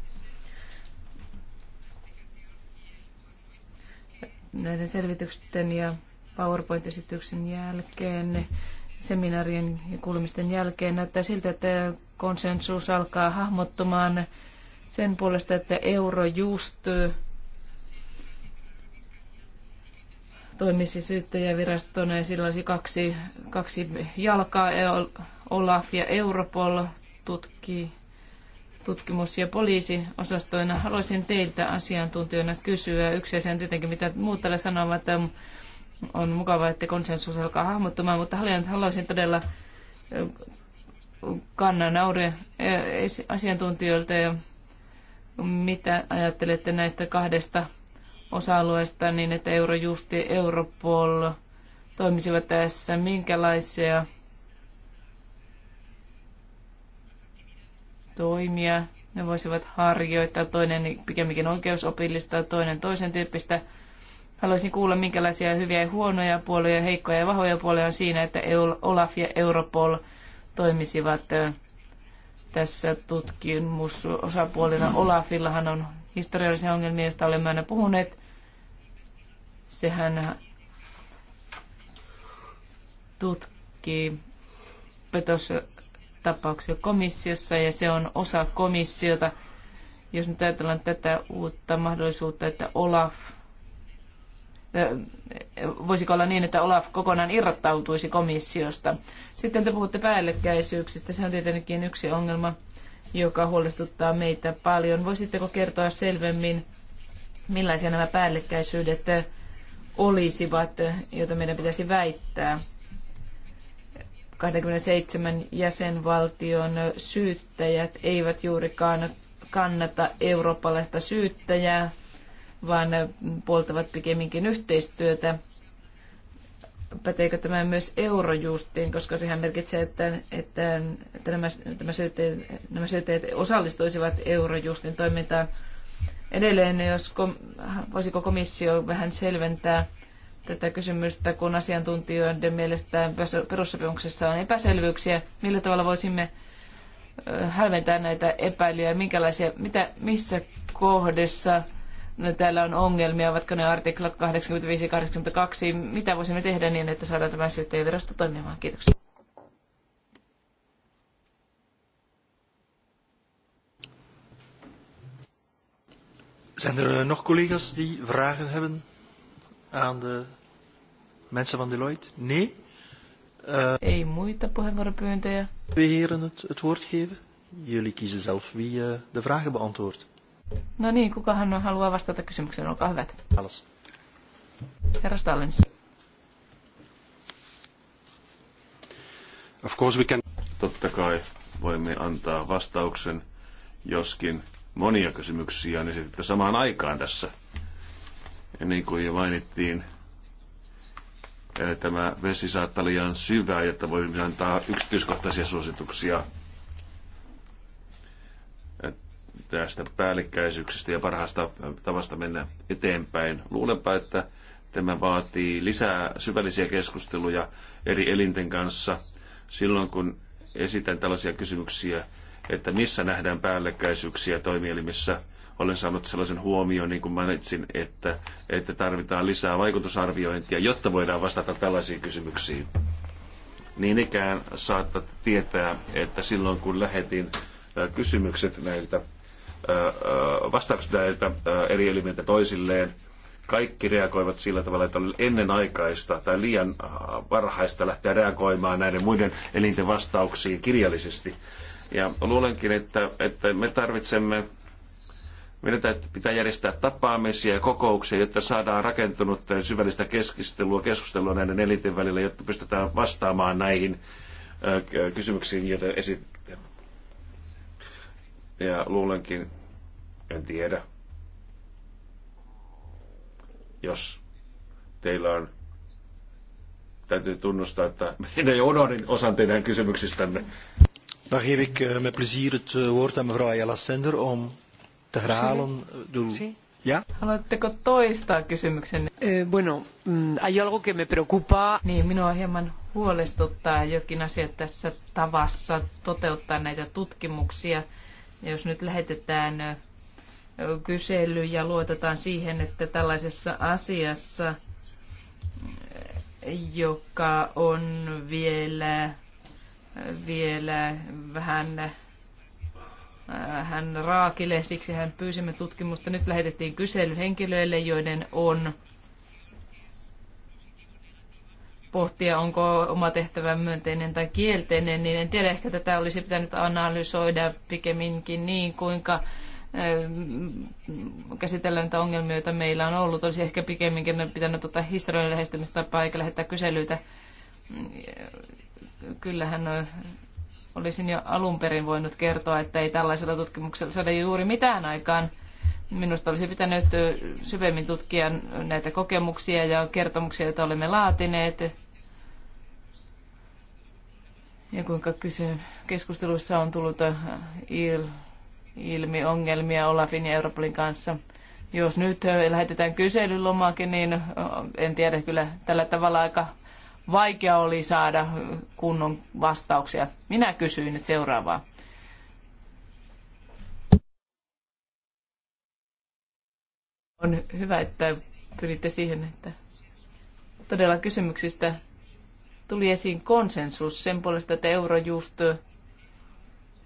näiden selvitysten ja PowerPoint-esityksen jälkeen seminaarien ja kuulemisten jälkeen näyttää siltä, että konsensus alkaa hahmottumaan sen puolesta, että Euro just toimisi syyttäjävirastona ja sillä olisi kaksi, kaksi jalkaa, e- Olaf ja Europol tutki, tutkimus- ja poliisiosastoina. Haluaisin teiltä asiantuntijoina kysyä. Yksi asia on tietenkin, mitä muut täällä sanovat, on mukavaa, että konsensus alkaa hahmottumaan, mutta haluaisin todella kannan aure asiantuntijoilta ja mitä ajattelette näistä kahdesta osa-alueesta niin, että Eurojusti, ja Europol toimisivat tässä, minkälaisia toimia ne voisivat harjoittaa, toinen pikemminkin oikeusopillista, toinen toisen tyyppistä Haluaisin kuulla, minkälaisia hyviä ja huonoja puolia, heikkoja ja vahvoja puolia on siinä, että Olaf ja Europol toimisivat tässä tutkimusosapuolina. Mm-hmm. Olafillahan on historiallisia ongelmia, joista olemme aina puhuneet. Sehän tutkii petostapauksia komissiossa ja se on osa komissiota. Jos nyt ajatellaan tätä uutta mahdollisuutta, että Olaf voisiko olla niin, että Olaf kokonaan irrottautuisi komissiosta. Sitten te puhutte päällekkäisyyksistä. Se on tietenkin yksi ongelma, joka huolestuttaa meitä paljon. Voisitteko kertoa selvemmin, millaisia nämä päällekkäisyydet olisivat, joita meidän pitäisi väittää? 27 jäsenvaltion syyttäjät eivät juurikaan kannata eurooppalaista syyttäjää, vaan puoltavat pikemminkin yhteistyötä. Päteekö tämä myös eurojustiin, koska sehän merkitsee, että, että, että nämä, tämä syytteet, nämä syytteet osallistuisivat eurojustin toimintaan. Edelleen, jos kom, voisiko komissio vähän selventää tätä kysymystä, kun asiantuntijoiden mielestä perussopimuksessa on epäselvyyksiä, millä tavalla voisimme hälventää näitä epäilyjä, minkälaisia, mitä, missä kohdessa täällä on ongelmia, ovatko ne artikla 85-82, mitä voisimme tehdä niin, että saadaan tämä syyttäjävirasto toimimaan. Kiitoksia. Zijn er eh, nog collega's die vragen hebben aan de mensen van Deloitte? Nee? Uh, Ei muita puheenvuoropyyntöjä. We het, het woord geven. Jullie kiezen zelf wie uh, de vragen beantwoordt. No niin, kukahan haluaa vastata kysymykseen? Olkaa hyvät. Alas. Herra Stallins. Of course we can... Totta kai voimme antaa vastauksen, joskin monia kysymyksiä on esitetty samaan aikaan tässä. Ja niin kuin jo mainittiin, eh, tämä vesi saattaa liian syvää, jotta voimme antaa yksityiskohtaisia suosituksia tästä päällekkäisyyksestä ja parhaasta tavasta mennä eteenpäin. Luulenpa, että tämä vaatii lisää syvällisiä keskusteluja eri elinten kanssa silloin, kun esitän tällaisia kysymyksiä, että missä nähdään päällekkäisyyksiä toimielimissä. Olen saanut sellaisen huomioon, niin kuin mainitsin, että, että tarvitaan lisää vaikutusarviointia, jotta voidaan vastata tällaisiin kysymyksiin. Niin ikään saattaa tietää, että silloin kun lähetin kysymykset näiltä vastaukset näiltä eri elimiltä toisilleen. Kaikki reagoivat sillä tavalla, että on ennenaikaista tai liian varhaista lähteä reagoimaan näiden muiden elinten vastauksiin kirjallisesti. Ja luulenkin, että, että me tarvitsemme meidän pitää järjestää tapaamisia ja kokouksia, jotta saadaan rakentunut syvällistä keskustelua, keskustelua näiden elinten välillä, jotta pystytään vastaamaan näihin kysymyksiin, joita ja luulenkin, en tiedä, jos teillä on täytyy tunnustaa, että minä jo unohdin osan teidän kysymyksistänne. Dan geef ik eh, met plezier het eh, woord aan mevrouw Ayala Sender om te herhalen. Ja? Haluatteko toistaa kysymyksen? Eh, bueno, mm, hay algo que me preocupa. Niin, minua hieman huolestuttaa jokin asia tässä tavassa toteuttaa näitä tutkimuksia. Ja jos nyt lähetetään kysely ja luotetaan siihen, että tällaisessa asiassa, joka on vielä, vielä vähän hän raakille, siksi hän pyysimme tutkimusta. Nyt lähetettiin kysely henkilöille, joiden on pohtia, onko oma tehtävä myönteinen tai kielteinen, niin en tiedä, ehkä tätä olisi pitänyt analysoida pikemminkin niin, kuinka eh, käsitellään niitä ongelmia, joita meillä on ollut. Olisi ehkä pikemminkin pitänyt tuota historian lähestymistapaa eikä lähettää kyselyitä. Kyllähän eh, olisin jo alun perin voinut kertoa, että ei tällaisella tutkimuksella saada juuri mitään aikaan. Minusta olisi pitänyt eh, syvemmin tutkia näitä kokemuksia ja kertomuksia, joita olemme laatineet ja kuinka kyse keskusteluissa on tullut äh, il, ilmi ongelmia Olafin ja Europolin kanssa. Jos nyt äh, lähetetään kyselylomake, niin äh, en tiedä, kyllä tällä tavalla aika vaikea oli saada kunnon vastauksia. Minä kysyin nyt seuraavaa. On hyvä, että pyritte siihen, että todella kysymyksistä tuli esiin konsensus sen puolesta, että Eurojust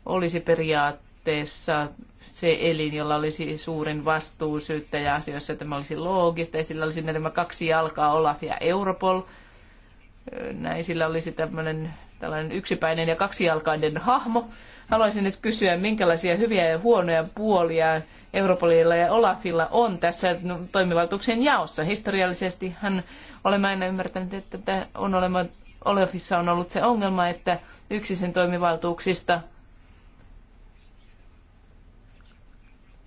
olisi periaatteessa se elin, jolla olisi suurin vastuu syyttäjäasioissa. Tämä olisi loogista ja sillä olisi nämä kaksi jalkaa, Olaf ja Europol. Näin sillä olisi tämmöinen tällainen yksipäinen ja kaksijalkainen hahmo. Haluaisin nyt kysyä, minkälaisia hyviä ja huonoja puolia Europolilla ja Olafilla on tässä toimivaltuuksien jaossa. Historiallisesti hän olemme aina ymmärtänyt, että on olemassa Olafissa on ollut se ongelma, että yksi sen toimivaltuuksista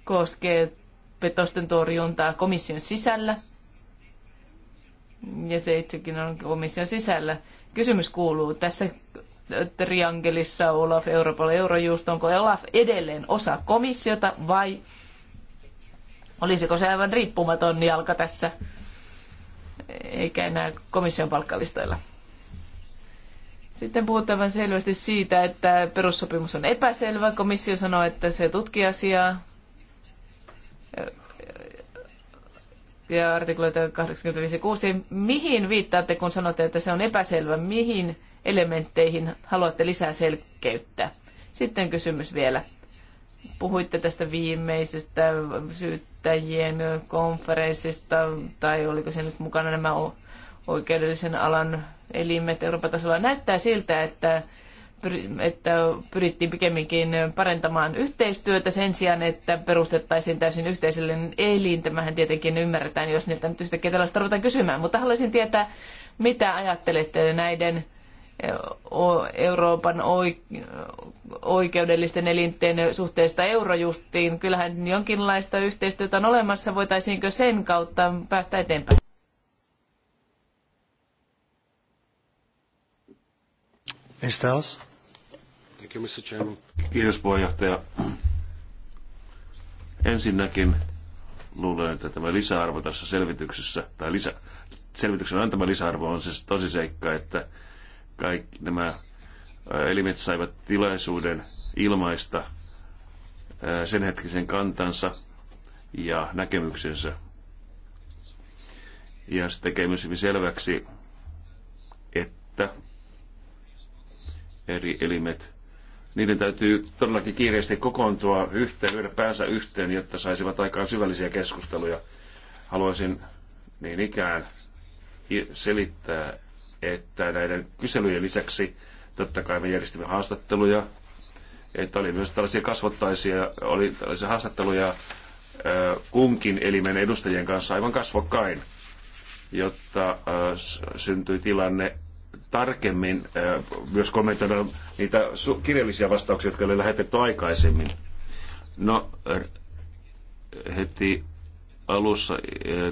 koskee petosten torjuntaa komission sisällä. Ja se itsekin on komission sisällä. Kysymys kuuluu, tässä triangelissa Olaf, Europol, Eurojust, onko Olaf edelleen osa komissiota vai olisiko se aivan riippumaton jalka tässä, eikä enää komission palkkalistoilla? Sitten puhutaan vain selvästi siitä, että perussopimus on epäselvä. Komissio sanoo, että se tutkii asiaa. Ja artikloita 85.6. Mihin viittaatte, kun sanotte, että se on epäselvä? Mihin elementteihin haluatte lisää selkeyttä? Sitten kysymys vielä. Puhuitte tästä viimeisestä syyttäjien konferenssista, tai oliko se nyt mukana nämä oikeudellisen alan elimet Euroopan tasolla. Näyttää siltä, että että pyrittiin pikemminkin parantamaan yhteistyötä sen sijaan, että perustettaisiin täysin yhteisellinen elin. Tämähän tietenkin ymmärretään, jos niiltä nyt yhtäkkiä tällaista ruvetaan kysymään. Mutta haluaisin tietää, mitä ajattelette näiden eh, Euroopan oikeudellisten elinten suhteesta eurojustiin. Kyllähän jonkinlaista yhteistyötä on olemassa. Voitaisiinko sen kautta päästä eteenpäin? Mr. House. Thank you, Mr. Chairman. Kiitos puheenjohtaja. Ensinnäkin luulen, että tämä lisäarvo tässä selvityksessä, tai lisä, selvityksen antama lisäarvo on siis tosiseikka, että kaikki nämä elimet saivat tilaisuuden ilmaista sen hetkisen kantansa ja näkemyksensä. Ja se tekee myös hyvin selväksi, että eri elimet, niiden täytyy todellakin kiireesti kokoontua yhteen, yhdä päänsä yhteen, jotta saisivat aikaan syvällisiä keskusteluja. Haluaisin niin ikään selittää, että näiden kyselyjen lisäksi totta kai me järjestimme haastatteluja, että oli myös tällaisia kasvottaisia, oli tällaisia haastatteluja kunkin elimen edustajien kanssa aivan kasvokkain, jotta syntyi tilanne, tarkemmin myös kommentoida niitä kirjallisia vastauksia, jotka oli lähetetty aikaisemmin. No, heti alussa,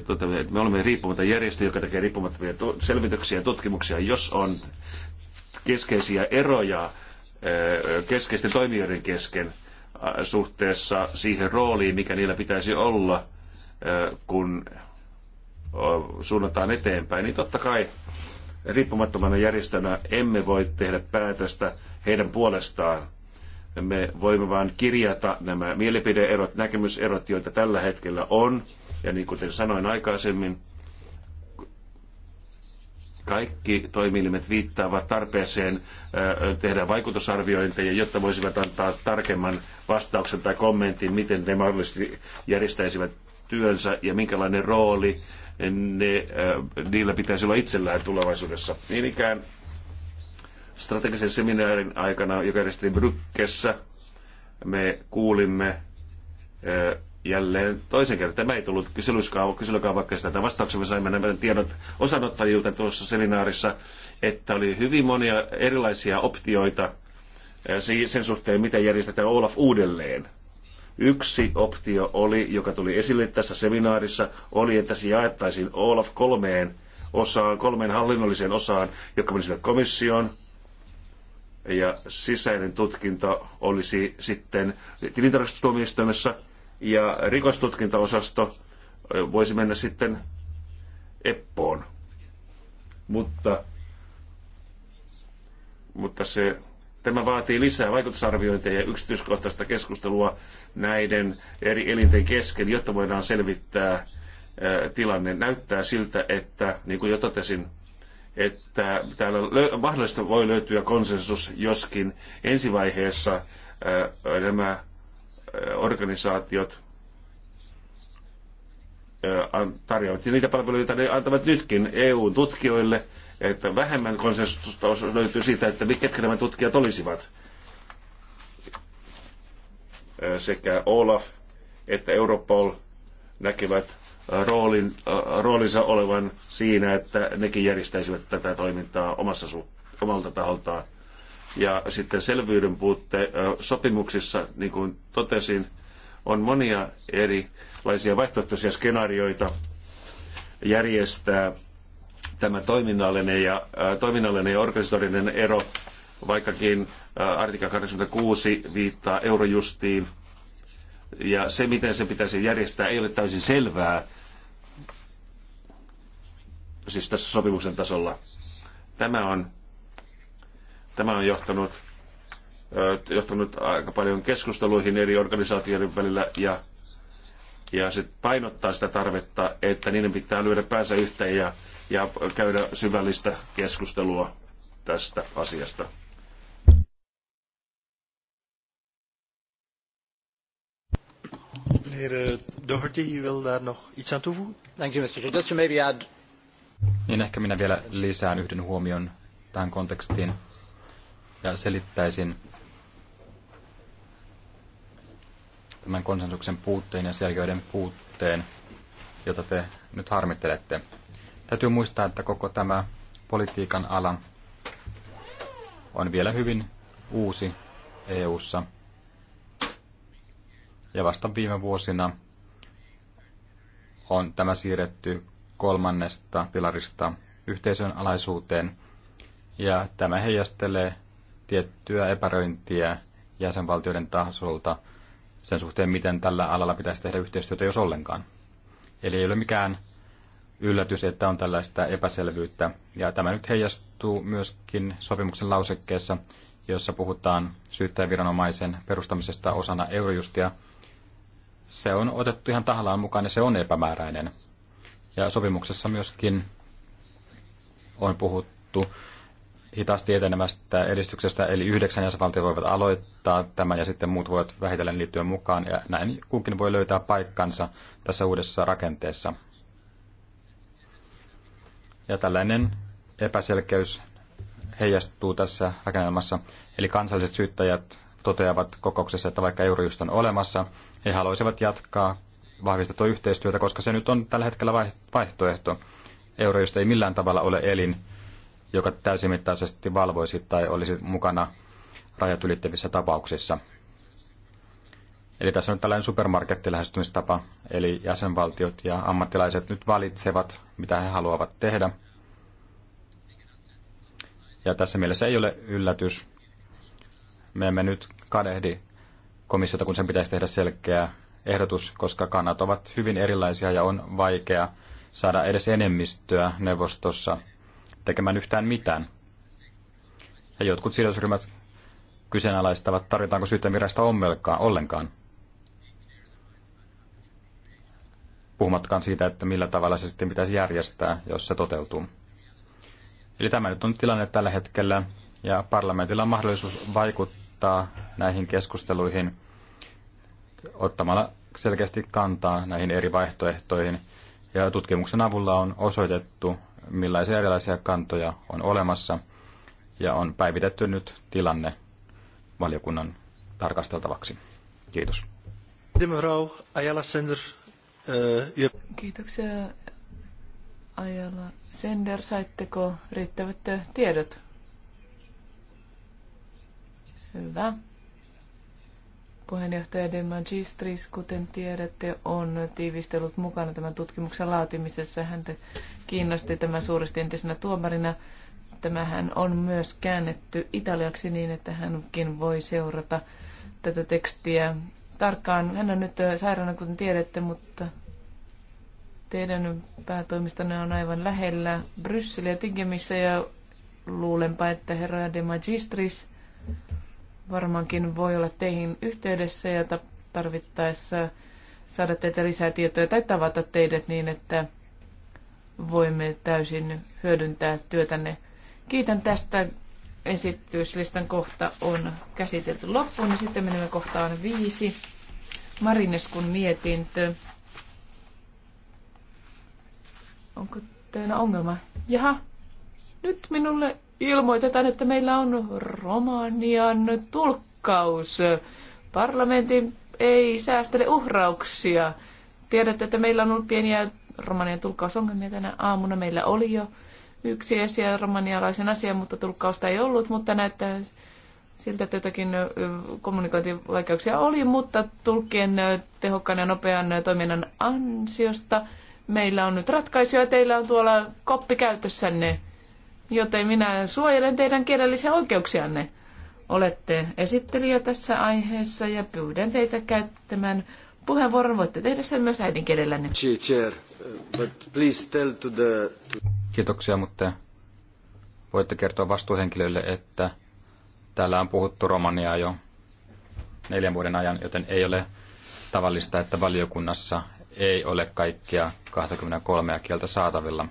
tota, että me olemme riippumatta järjestö, joka tekee riippumattomia selvityksiä ja tutkimuksia, jos on keskeisiä eroja keskeisten toimijoiden kesken suhteessa siihen rooliin, mikä niillä pitäisi olla, kun suunnataan eteenpäin, niin totta kai riippumattomana järjestönä emme voi tehdä päätöstä heidän puolestaan. Me voimme vain kirjata nämä mielipideerot, näkemyserot, joita tällä hetkellä on. Ja niin kuten sanoin aikaisemmin, kaikki toimielimet viittaavat tarpeeseen tehdä vaikutusarviointeja, jotta voisivat antaa tarkemman vastauksen tai kommentin, miten ne mahdollisesti järjestäisivät työnsä ja minkälainen rooli ne, äh, niillä pitäisi olla itsellään tulevaisuudessa. Niin ikään strategisen seminaarin aikana, joka järjestettiin Brykkessä, me kuulimme äh, jälleen toisen kerran. Tämä ei tullut kyselykään vaikka sitä vastauksia. Me saimme nämä tiedot osanottajilta tuossa seminaarissa, että oli hyvin monia erilaisia optioita äh, sen suhteen, miten järjestetään Olaf uudelleen. Yksi optio oli, joka tuli esille tässä seminaarissa, oli, että se jaettaisiin Olaf kolmeen osaan, kolmeen hallinnolliseen osaan, jotka menisivät komissioon, ja sisäinen tutkinta olisi sitten tilintarkastustuomioistuimessa, ja rikostutkintaosasto voisi mennä sitten Eppoon. Mutta, mutta se Tämä vaatii lisää vaikutusarviointeja ja yksityiskohtaista keskustelua näiden eri elinten kesken, jotta voidaan selvittää tilanne. Näyttää siltä, että niin kuin jo totesin, että täällä mahdollisesti voi löytyä konsensus, joskin ensivaiheessa nämä organisaatiot tarjoavat niitä palveluita, ne antavat nytkin EU tutkijoille – että vähemmän konsensusta löytyy siitä, että ketkä nämä tutkijat olisivat. Sekä Olaf että Europol näkevät roolin, roolinsa olevan siinä, että nekin järjestäisivät tätä toimintaa omassa omalta taholtaan. Ja sitten selvyyden puutte sopimuksissa, niin kuin totesin, on monia erilaisia vaihtoehtoisia skenaarioita järjestää tämä toiminnallinen ja, toiminnallinen ja organisatorinen ero, vaikkakin artikla 86 viittaa eurojustiin, ja se, miten se pitäisi järjestää, ei ole täysin selvää, siis tässä sopimuksen tasolla. Tämä on, tämä on johtanut, johtanut aika paljon keskusteluihin eri organisaatioiden välillä ja, ja se painottaa sitä tarvetta, että niiden pitää lyödä päänsä yhteen ja ja käydä syvällistä keskustelua tästä asiasta. Meneer eh, Doherty, wil daar nog iets aan toevoegen? Thank you, Mr. Just to maybe add... Niin ehkä minä vielä lisään yhden huomion tähän kontekstiin ja selittäisin tämän konsensuksen puutteen ja selkeyden puutteen, jota te nyt harmittelette. Täytyy muistaa, että koko tämä politiikan ala on vielä hyvin uusi EU:ssa. Ja vasta viime vuosina on tämä siirretty kolmannesta pilarista yhteisön alaisuuteen, ja tämä heijastelee tiettyä epäröintiä jäsenvaltioiden tasolta sen suhteen, miten tällä alalla pitäisi tehdä yhteistyötä, jos ollenkaan. Eli ei ole mikään yllätys, että on tällaista epäselvyyttä. Ja tämä nyt heijastuu myöskin sopimuksen lausekkeessa, jossa puhutaan syyttäjäviranomaisen perustamisesta osana eurojustia. Se on otettu ihan tahallaan mukaan ja se on epämääräinen. Ja sopimuksessa myöskin on puhuttu hitaasti etenemästä edistyksestä, eli yhdeksän jäsenvaltio voivat aloittaa tämän ja sitten muut voivat vähitellen liittyä mukaan, ja näin kunkin voi löytää paikkansa tässä uudessa rakenteessa. Ja tällainen epäselkeys heijastuu tässä rakennelmassa. Eli kansalliset syyttäjät toteavat kokouksessa, että vaikka Eurojust on olemassa, he haluaisivat jatkaa vahvistettua yhteistyötä, koska se nyt on tällä hetkellä vaihtoehto. Eurojust ei millään tavalla ole elin, joka täysimittaisesti valvoisi tai olisi mukana rajat ylittävissä tapauksissa. Eli tässä on tällainen supermarkettilähestymistapa, eli jäsenvaltiot ja ammattilaiset nyt valitsevat, mitä he haluavat tehdä. Ja tässä mielessä ei ole yllätys. Me emme nyt kadehdi komissiota, kun sen pitäisi tehdä selkeä ehdotus, koska kannat ovat hyvin erilaisia ja on vaikea saada edes enemmistöä neuvostossa tekemään yhtään mitään. Ja jotkut sidosryhmät kyseenalaistavat, tarvitaanko syyttämirasta ollenkaan. puhumattakaan siitä, että millä tavalla se sitten pitäisi järjestää, jos se toteutuu. Eli tämä nyt on tilanne tällä hetkellä, ja parlamentilla on mahdollisuus vaikuttaa näihin keskusteluihin ottamalla selkeästi kantaa näihin eri vaihtoehtoihin, ja tutkimuksen avulla on osoitettu, millaisia erilaisia kantoja on olemassa, ja on päivitetty nyt tilanne valiokunnan tarkasteltavaksi. Kiitos. Mevrouw Ayala Sender, Äh, ja... Kiitoksia ajalla. Sender, saitteko riittävät tiedot? Hyvä. Puheenjohtaja De Magistris, kuten tiedätte, on tiivistellut mukana tämän tutkimuksen laatimisessa. Häntä kiinnosti tämä suuresti entisenä tuomarina. Tämähän on myös käännetty italiaksi niin, että hänkin voi seurata tätä tekstiä tarkkaan. Hän on nyt äh, sairaana, kuten tiedätte, mutta teidän päätoimistonne on aivan lähellä Brysseliä Tingemissä ja luulenpa, että herra de Magistris varmaankin voi olla teihin yhteydessä ja tarvittaessa saada teitä lisää tietoja tai tavata teidät niin, että voimme täysin hyödyntää työtänne. Kiitän tästä esityslistan kohta on käsitelty loppuun ja sitten menemme kohtaan viisi. Marineskun mietintö. Onko teillä ongelma? Jaha, nyt minulle ilmoitetaan, että meillä on Romanian tulkkaus. Parlamentin ei säästele uhrauksia. Tiedätte, että meillä on ollut pieniä Romanian tulkkausongelmia tänä aamuna. Meillä oli jo yksi asia, romanialaisen asia, mutta tulkkausta ei ollut, mutta näyttää siltä, että jotakin kommunikointivaikeuksia oli, mutta tulkkien tehokkaan ja nopean toiminnan ansiosta meillä on nyt ratkaisuja, teillä on tuolla koppi käytössänne, joten minä suojelen teidän kielellisiä oikeuksianne. Olette esittelijä tässä aiheessa ja pyydän teitä käyttämään puheenvuoron. Voitte tehdä sen myös äidinkielellänne. Chair, but please tell to the... Kiitoksia, mutta voitte kertoa vastuuhenkilöille, että täällä on puhuttu romaniaa jo neljän vuoden ajan, joten ei ole tavallista, että valiokunnassa ei ole kaikkia 23 kieltä saatavilla.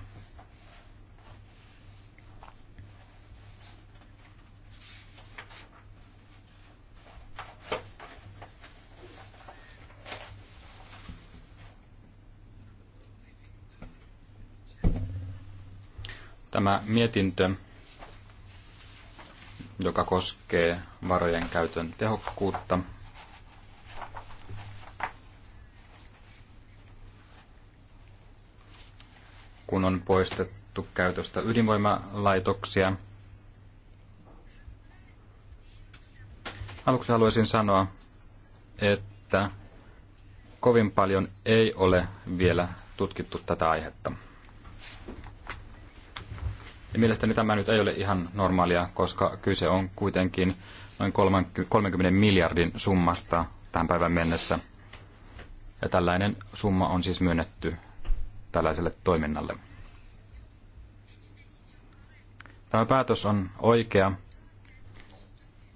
Tämä mietintö, joka koskee varojen käytön tehokkuutta, kun on poistettu käytöstä ydinvoimalaitoksia. Aluksi haluaisin sanoa, että kovin paljon ei ole vielä tutkittu tätä aihetta. Ja mielestäni tämä nyt ei ole ihan normaalia, koska kyse on kuitenkin noin 30 miljardin summasta tämän päivän mennessä. Ja tällainen summa on siis myönnetty tällaiselle toiminnalle. Tämä päätös on oikea.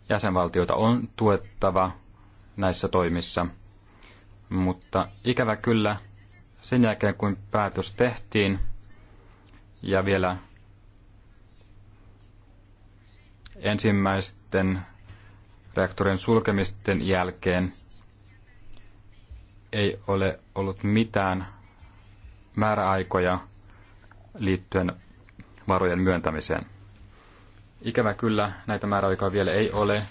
Jäsenvaltioita on tuettava näissä toimissa, mutta ikävä kyllä sen jälkeen kun päätös tehtiin ja vielä ensimmäisten reaktorien sulkemisten jälkeen ei ole ollut mitään määräaikoja liittyen varojen myöntämiseen. Ikävä kyllä näitä määräaikoja vielä ei ole,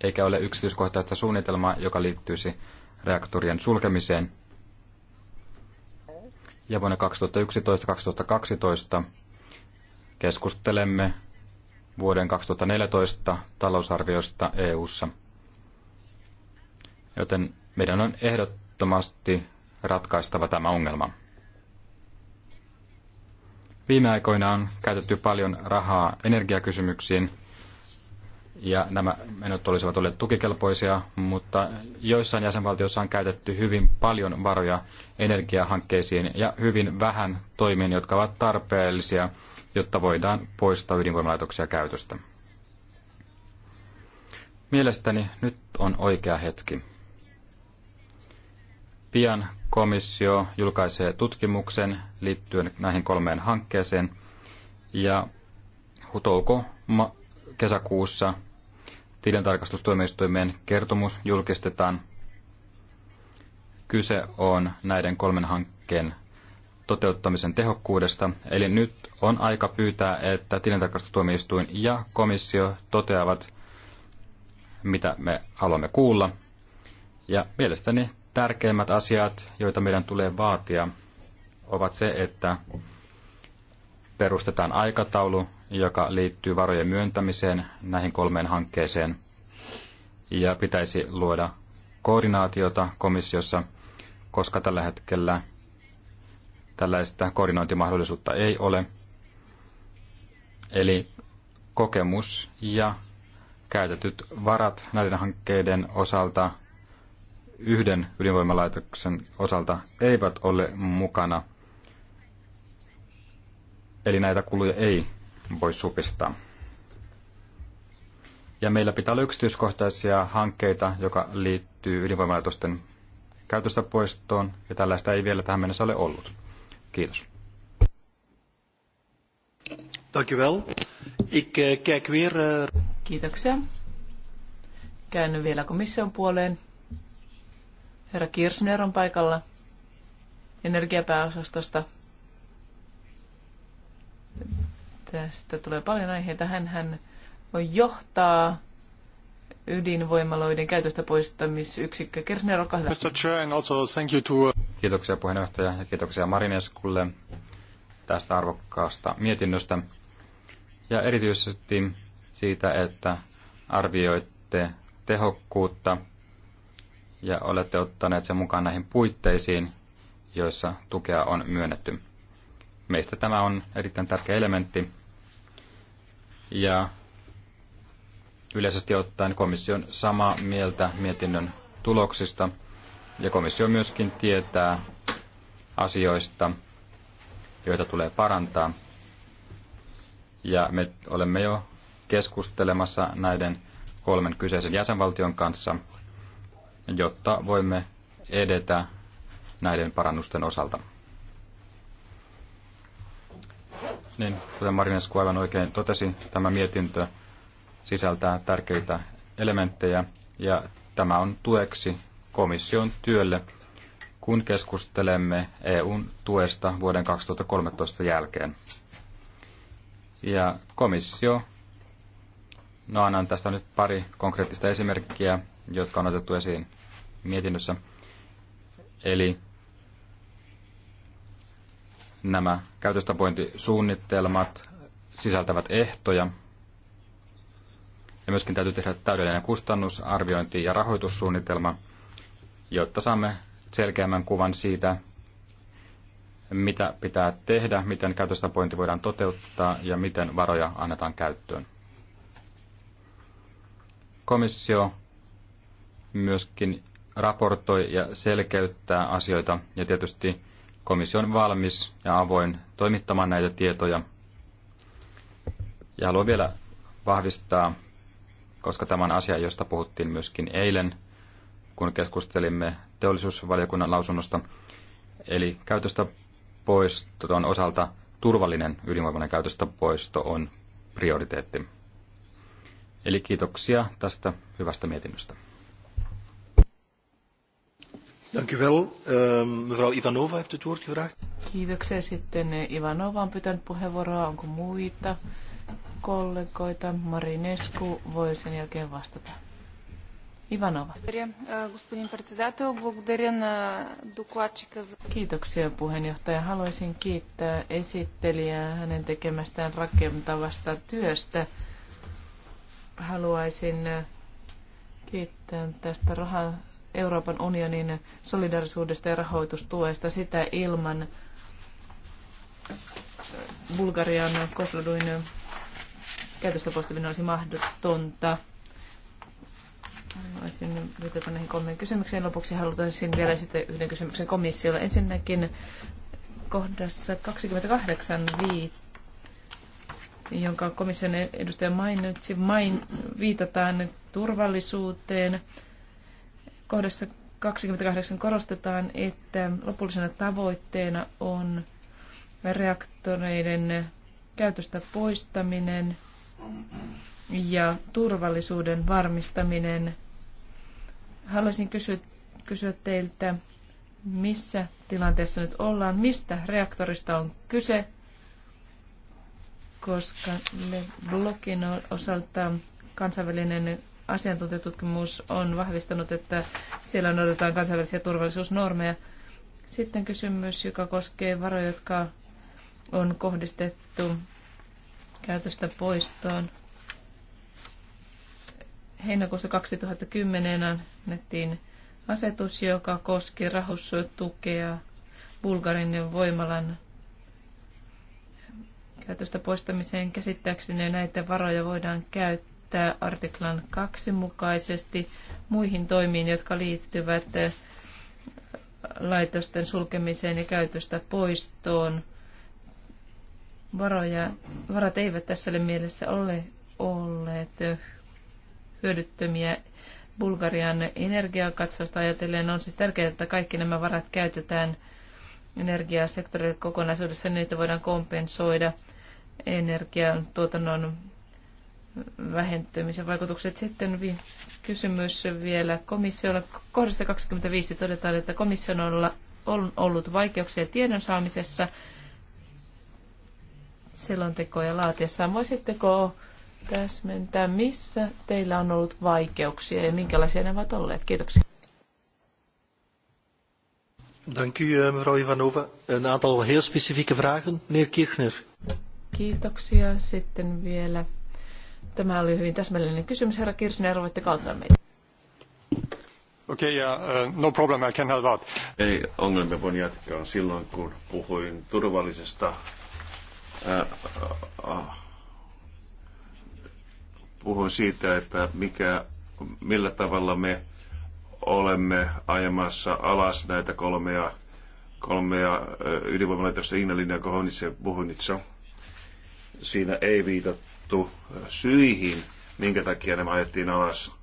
eikä ole yksityiskohtaista suunnitelmaa, joka liittyisi reaktorien sulkemiseen. Ja vuonna 2011-2012 keskustelemme vuoden 2014 talousarviosta EU:ssa. Joten meidän on ehdottomasti ratkaistava tämä ongelma. Viime aikoina on käytetty paljon rahaa energiakysymyksiin ja nämä menot olisivat olleet tukikelpoisia, mutta joissain jäsenvaltioissa on käytetty hyvin paljon varoja energiahankkeisiin ja hyvin vähän toimiin, jotka ovat tarpeellisia – jotta voidaan poistaa ydinvoimalaitoksia käytöstä. Mielestäni nyt on oikea hetki. Pian komissio julkaisee tutkimuksen liittyen näihin kolmeen hankkeeseen ja hutouko kesäkuussa tilintarkastustuomioistuimen kertomus julkistetaan. Kyse on näiden kolmen hankkeen toteuttamisen tehokkuudesta, eli nyt on aika pyytää, että tilintarkastustuomioistuin ja komissio toteavat, mitä me haluamme kuulla. Ja mielestäni tärkeimmät asiat, joita meidän tulee vaatia, ovat se, että perustetaan aikataulu, joka liittyy varojen myöntämiseen näihin kolmeen hankkeeseen. Ja pitäisi luoda koordinaatiota komissiossa, koska tällä hetkellä tällaista koordinointimahdollisuutta ei ole. Eli kokemus ja käytetyt varat näiden hankkeiden osalta yhden ydinvoimalaitoksen osalta eivät ole mukana. Eli näitä kuluja ei voi supistaa. Ja meillä pitää olla yksityiskohtaisia hankkeita, joka liittyy ydinvoimalaitosten käytöstä poistoon, ja tällaista ei vielä tähän mennessä ole ollut. Kiitos. Dank u wel. Ik eh, kijk weer... Eh, Kiitoksia. Käänny vielä komission puoleen. Herra Kirsner on paikalla energiapääosastosta. Tästä tulee paljon aiheita. Hän, hän voi johtaa ydinvoimaloiden käytöstä poistamisyksikkö. Kirsner, olkaa hyvä. Mr. Chair, and also thank you to... Kiitoksia puheenjohtaja ja kiitoksia Marineskulle tästä arvokkaasta mietinnöstä ja erityisesti siitä, että arvioitte tehokkuutta ja olette ottaneet sen mukaan näihin puitteisiin, joissa tukea on myönnetty. Meistä tämä on erittäin tärkeä elementti ja yleisesti ottaen komission samaa mieltä mietinnön tuloksista – ja komissio myöskin tietää asioista, joita tulee parantaa. Ja me olemme jo keskustelemassa näiden kolmen kyseisen jäsenvaltion kanssa, jotta voimme edetä näiden parannusten osalta. Niin, kuten Marinesku aivan oikein totesi, tämä mietintö sisältää tärkeitä elementtejä ja tämä on tueksi komission työlle, kun keskustelemme EUn tuesta vuoden 2013 jälkeen. Ja komissio, no annan tästä nyt pari konkreettista esimerkkiä, jotka on otettu esiin mietinnössä. Eli nämä käytöstapointisuunnitelmat sisältävät ehtoja, ja myöskin täytyy tehdä täydellinen kustannusarviointi ja rahoitussuunnitelma, jotta saamme selkeämmän kuvan siitä, mitä pitää tehdä, miten käytöstapointi voidaan toteuttaa ja miten varoja annetaan käyttöön. Komissio myöskin raportoi ja selkeyttää asioita ja tietysti komission valmis ja avoin toimittamaan näitä tietoja. Ja haluan vielä vahvistaa, koska tämä on asia, josta puhuttiin myöskin eilen – kun keskustelimme teollisuusvaliokunnan lausunnosta. Eli käytöstä poiston osalta turvallinen ydinvoimainen käytöstä poisto on prioriteetti. Eli kiitoksia tästä hyvästä mietinnöstä. Dank u wel. Ehm, mevrouw Ivanova heeft het woord gevraagd. Kiitoksia sitten. Ivanova on pyytänyt puheenvuoroa. Onko muita kollegoita? Marinescu voi sen jälkeen vastata. Ivanova. Kiitoksia puheenjohtaja. Haluaisin kiittää esittelijää hänen tekemästään rakentavasta työstä. Haluaisin kiittää tästä raha, Euroopan unionin solidarisuudesta ja rahoitustuesta sitä ilman Bulgarian Kosloduin käytöstä poistaminen olisi mahdotonta. Haluaisin viitata näihin kolmeen kysymykseen. Lopuksi haluaisin vielä sitten yhden kysymyksen komissiolle. Ensinnäkin kohdassa 28 vii, jonka komission edustaja mainitsi, main, viitataan turvallisuuteen. Kohdassa 28 korostetaan, että lopullisena tavoitteena on reaktoreiden käytöstä poistaminen ja turvallisuuden varmistaminen. Haluaisin kysyä, kysyä teiltä, missä tilanteessa nyt ollaan, mistä reaktorista on kyse, koska me Blokin osalta kansainvälinen asiantuntijatutkimus on vahvistanut, että siellä noudatetaan kansainvälisiä turvallisuusnormeja. Sitten kysymys, joka koskee varoja, jotka on kohdistettu käytöstä poistoon heinäkuussa 2010 annettiin asetus, joka koski rahoitustukea Bulgarin voimalan käytöstä poistamiseen. Käsittääkseni näitä varoja voidaan käyttää artiklan 2 mukaisesti muihin toimiin, jotka liittyvät laitosten sulkemiseen ja käytöstä poistoon. Varoja, varat eivät tässä mielessä ole olleet hyödyttömiä Bulgarian energiakatsausta ajatellen. On siis tärkeää, että kaikki nämä varat käytetään energiasektorille kokonaisuudessa, niin niitä voidaan kompensoida energian tuotannon vähentymisen vaikutukset. Sitten vi- kysymys vielä komissiolla. Kohdassa 25 todetaan, että komission on ollut vaikeuksia tiedon saamisessa selontekoja laatiessaan. Voisitteko täsmentää, missä teillä on ollut vaikeuksia ja minkälaisia ne ovat olleet? Kiitoksia. Dank u, eh, mevrouw Ivanova. Een aantal heel specifieke vragen, meneer Kirchner. Kiitoksia. Sitten vielä. Tämä oli hyvin täsmällinen kysymys. Herra Kirchner, voitte kauttaa meitä. Okei, okay, uh, eh, no problem, I can help out. Ei ongelmia, voin jatkaa silloin, kun puhuin turvallisesta uh, uh, uh puhun siitä, että mikä, millä tavalla me olemme ajamassa alas näitä kolmea, kolmea ydinvoimalaitosta Ignalina ja Kohonitsa. Siinä ei viitattu syihin, minkä takia nämä ajettiin alas.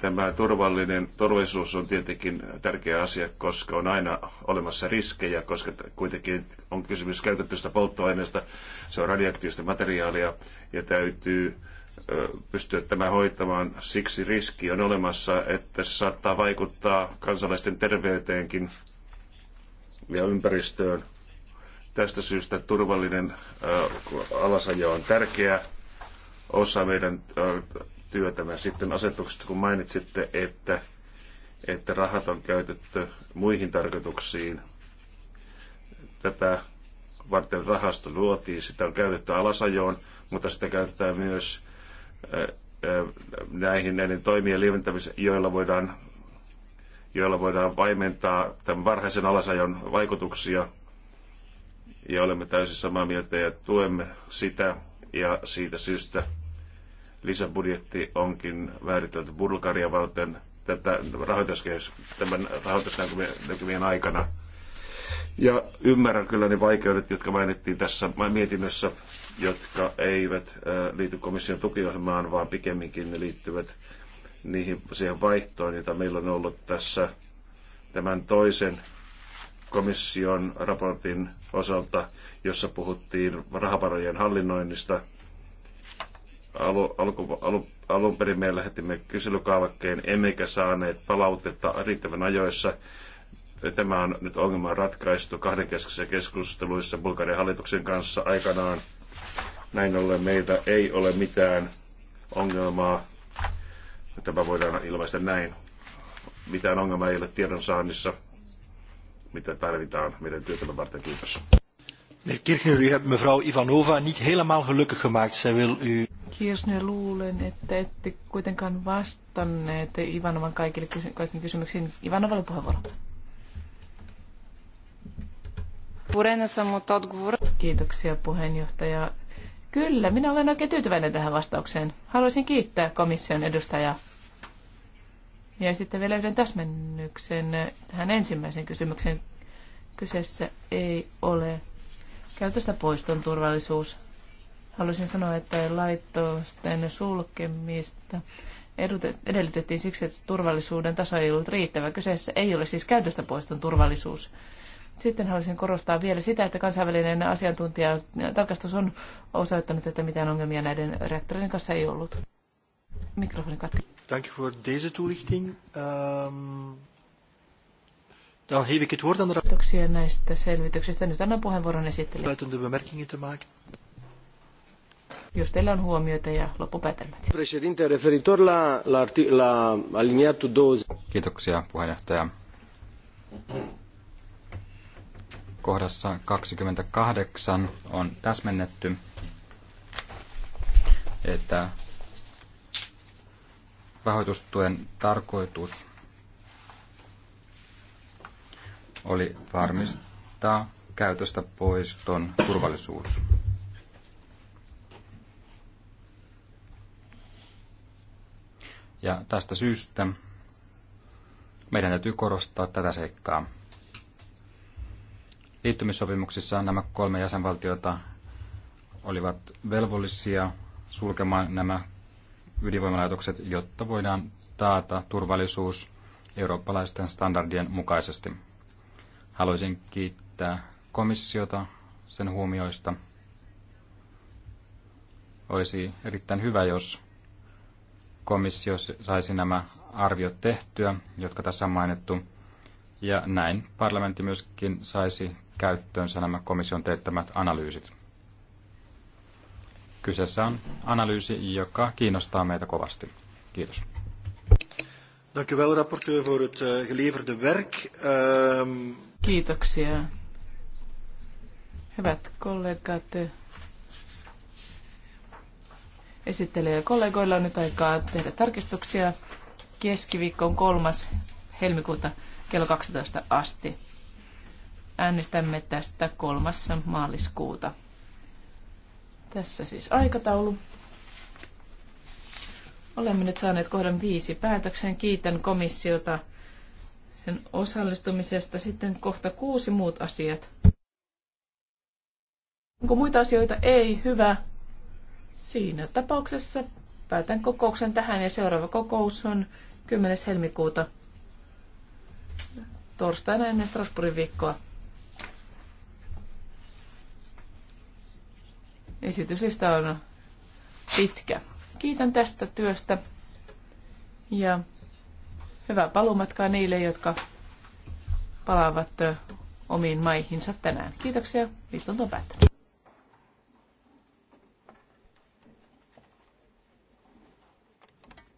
Tämä turvallinen turvallisuus on tietenkin tärkeä asia, koska on aina olemassa riskejä, koska kuitenkin on kysymys käytettystä polttoaineesta, se on radioaktiivista materiaalia ja täytyy pystyä tämä hoitamaan. Siksi riski on olemassa, että se saattaa vaikuttaa kansalaisten terveyteenkin ja ympäristöön. Tästä syystä turvallinen alasajo on tärkeä osa meidän työtämme. Sitten asetuksesta, kun mainitsitte, että, että rahat on käytetty muihin tarkoituksiin, tätä varten rahasto luotiin, sitä on käytetty alasajoon, mutta sitä käytetään myös näihin näiden toimien lieventämiseen, joilla voidaan, joilla voidaan vaimentaa tämän varhaisen alasajon vaikutuksia. Ja olemme täysin samaa mieltä ja tuemme sitä. Ja siitä syystä lisäbudjetti onkin määritelty Bulgaria varten tätä rahoituskehys, tämän rahoitusnäkymien aikana ja ymmärrän kyllä ne vaikeudet, jotka mainittiin tässä mietinnössä, jotka eivät liity komission tukiohjelmaan, vaan pikemminkin ne liittyvät niihin siihen vaihtoon, jota meillä on ollut tässä tämän toisen komission raportin osalta, jossa puhuttiin rahavarojen hallinnoinnista. Alu, alku, alu, alun perin me lähetimme kyselykaavakkeen, emmekä saaneet palautetta riittävän ajoissa. Tämä on nyt ongelma ratkaistu kahdenkeskisissä keskusteluissa Bulgarian hallituksen kanssa aikanaan. Näin ollen meiltä ei ole mitään ongelmaa, tämä voidaan ilmaista näin, mitään ongelmaa ei ole tiedonsaannissa, mitä tarvitaan meidän työtämme varten. Kiitos. Meneer Kirchner, u hebt mevrouw Ivanova niet helemaal gelukkig gemaakt. Zij wil u... Kirchner, luulen, että ette kuitenkaan vastanneet Ivanovan kaikille, kysymyksiin. Ivanova, puheenvuoro. Purena sammut odgovor. Kiitoksia puheenjohtaja. Kyllä, minä olen oikein tyytyväinen tähän vastaukseen. Haluaisin kiittää komission edustajaa. Ja sitten vielä yhden täsmennyksen tähän ensimmäiseen kysymykseen. Kyseessä ei ole käytöstä poiston turvallisuus. Haluaisin sanoa, että laitosten sulkemista edellytettiin siksi, että turvallisuuden taso ei ollut riittävä. Kyseessä ei ole siis käytöstä poiston turvallisuus. Sitten haluaisin korostaa vielä sitä, että kansainvälinen asiantuntija tarkastus on osoittanut, että mitään ongelmia näiden reaktorien kanssa ei ollut. Mikrofoni katki. Thank you for this toelichting. Um, dan geef ik het woord aan de Kiitoksia näistä selvityksistä. Nyt annan puheenvuoron esittelijä. Jos teillä on huomioita ja loppupäätelmät. Kiitoksia puheenjohtaja kohdassa 28 on täsmennetty, että rahoitustuen tarkoitus oli varmistaa käytöstä poiston turvallisuus. Ja tästä syystä meidän täytyy korostaa tätä seikkaa liittymissopimuksissa nämä kolme jäsenvaltiota olivat velvollisia sulkemaan nämä ydinvoimalaitokset, jotta voidaan taata turvallisuus eurooppalaisten standardien mukaisesti. Haluaisin kiittää komissiota sen huomioista. Olisi erittäin hyvä, jos komissio saisi nämä arviot tehtyä, jotka tässä on mainittu, ja näin parlamentti myöskin saisi käyttöönsä nämä komission teettämät analyysit. Kyseessä on analyysi, joka kiinnostaa meitä kovasti. Kiitos. Dank u wel, rapporteur, voor het eh, geleverde werk. Ehm, Kiitoksia. Hyvät kollegat, esittelee kollegoilla on nyt aikaa tehdä tarkistuksia on kolmas helmikuuta kello 12 asti. Äänestämme tästä 3. maaliskuuta. Tässä siis aikataulu. Olemme nyt saaneet kohdan viisi päätöksen. Kiitän komissiota sen osallistumisesta. Sitten kohta kuusi muut asiat. Onko muita asioita? Ei, hyvä. Siinä tapauksessa päätän kokouksen tähän ja seuraava kokous on 10. helmikuuta torstaina ennen Strasbourgin viikkoa. Esityslista on pitkä. Kiitän tästä työstä ja hyvää paluumatkaa niille, jotka palaavat omiin maihinsa tänään. Kiitoksia. Istunto on päättynyt.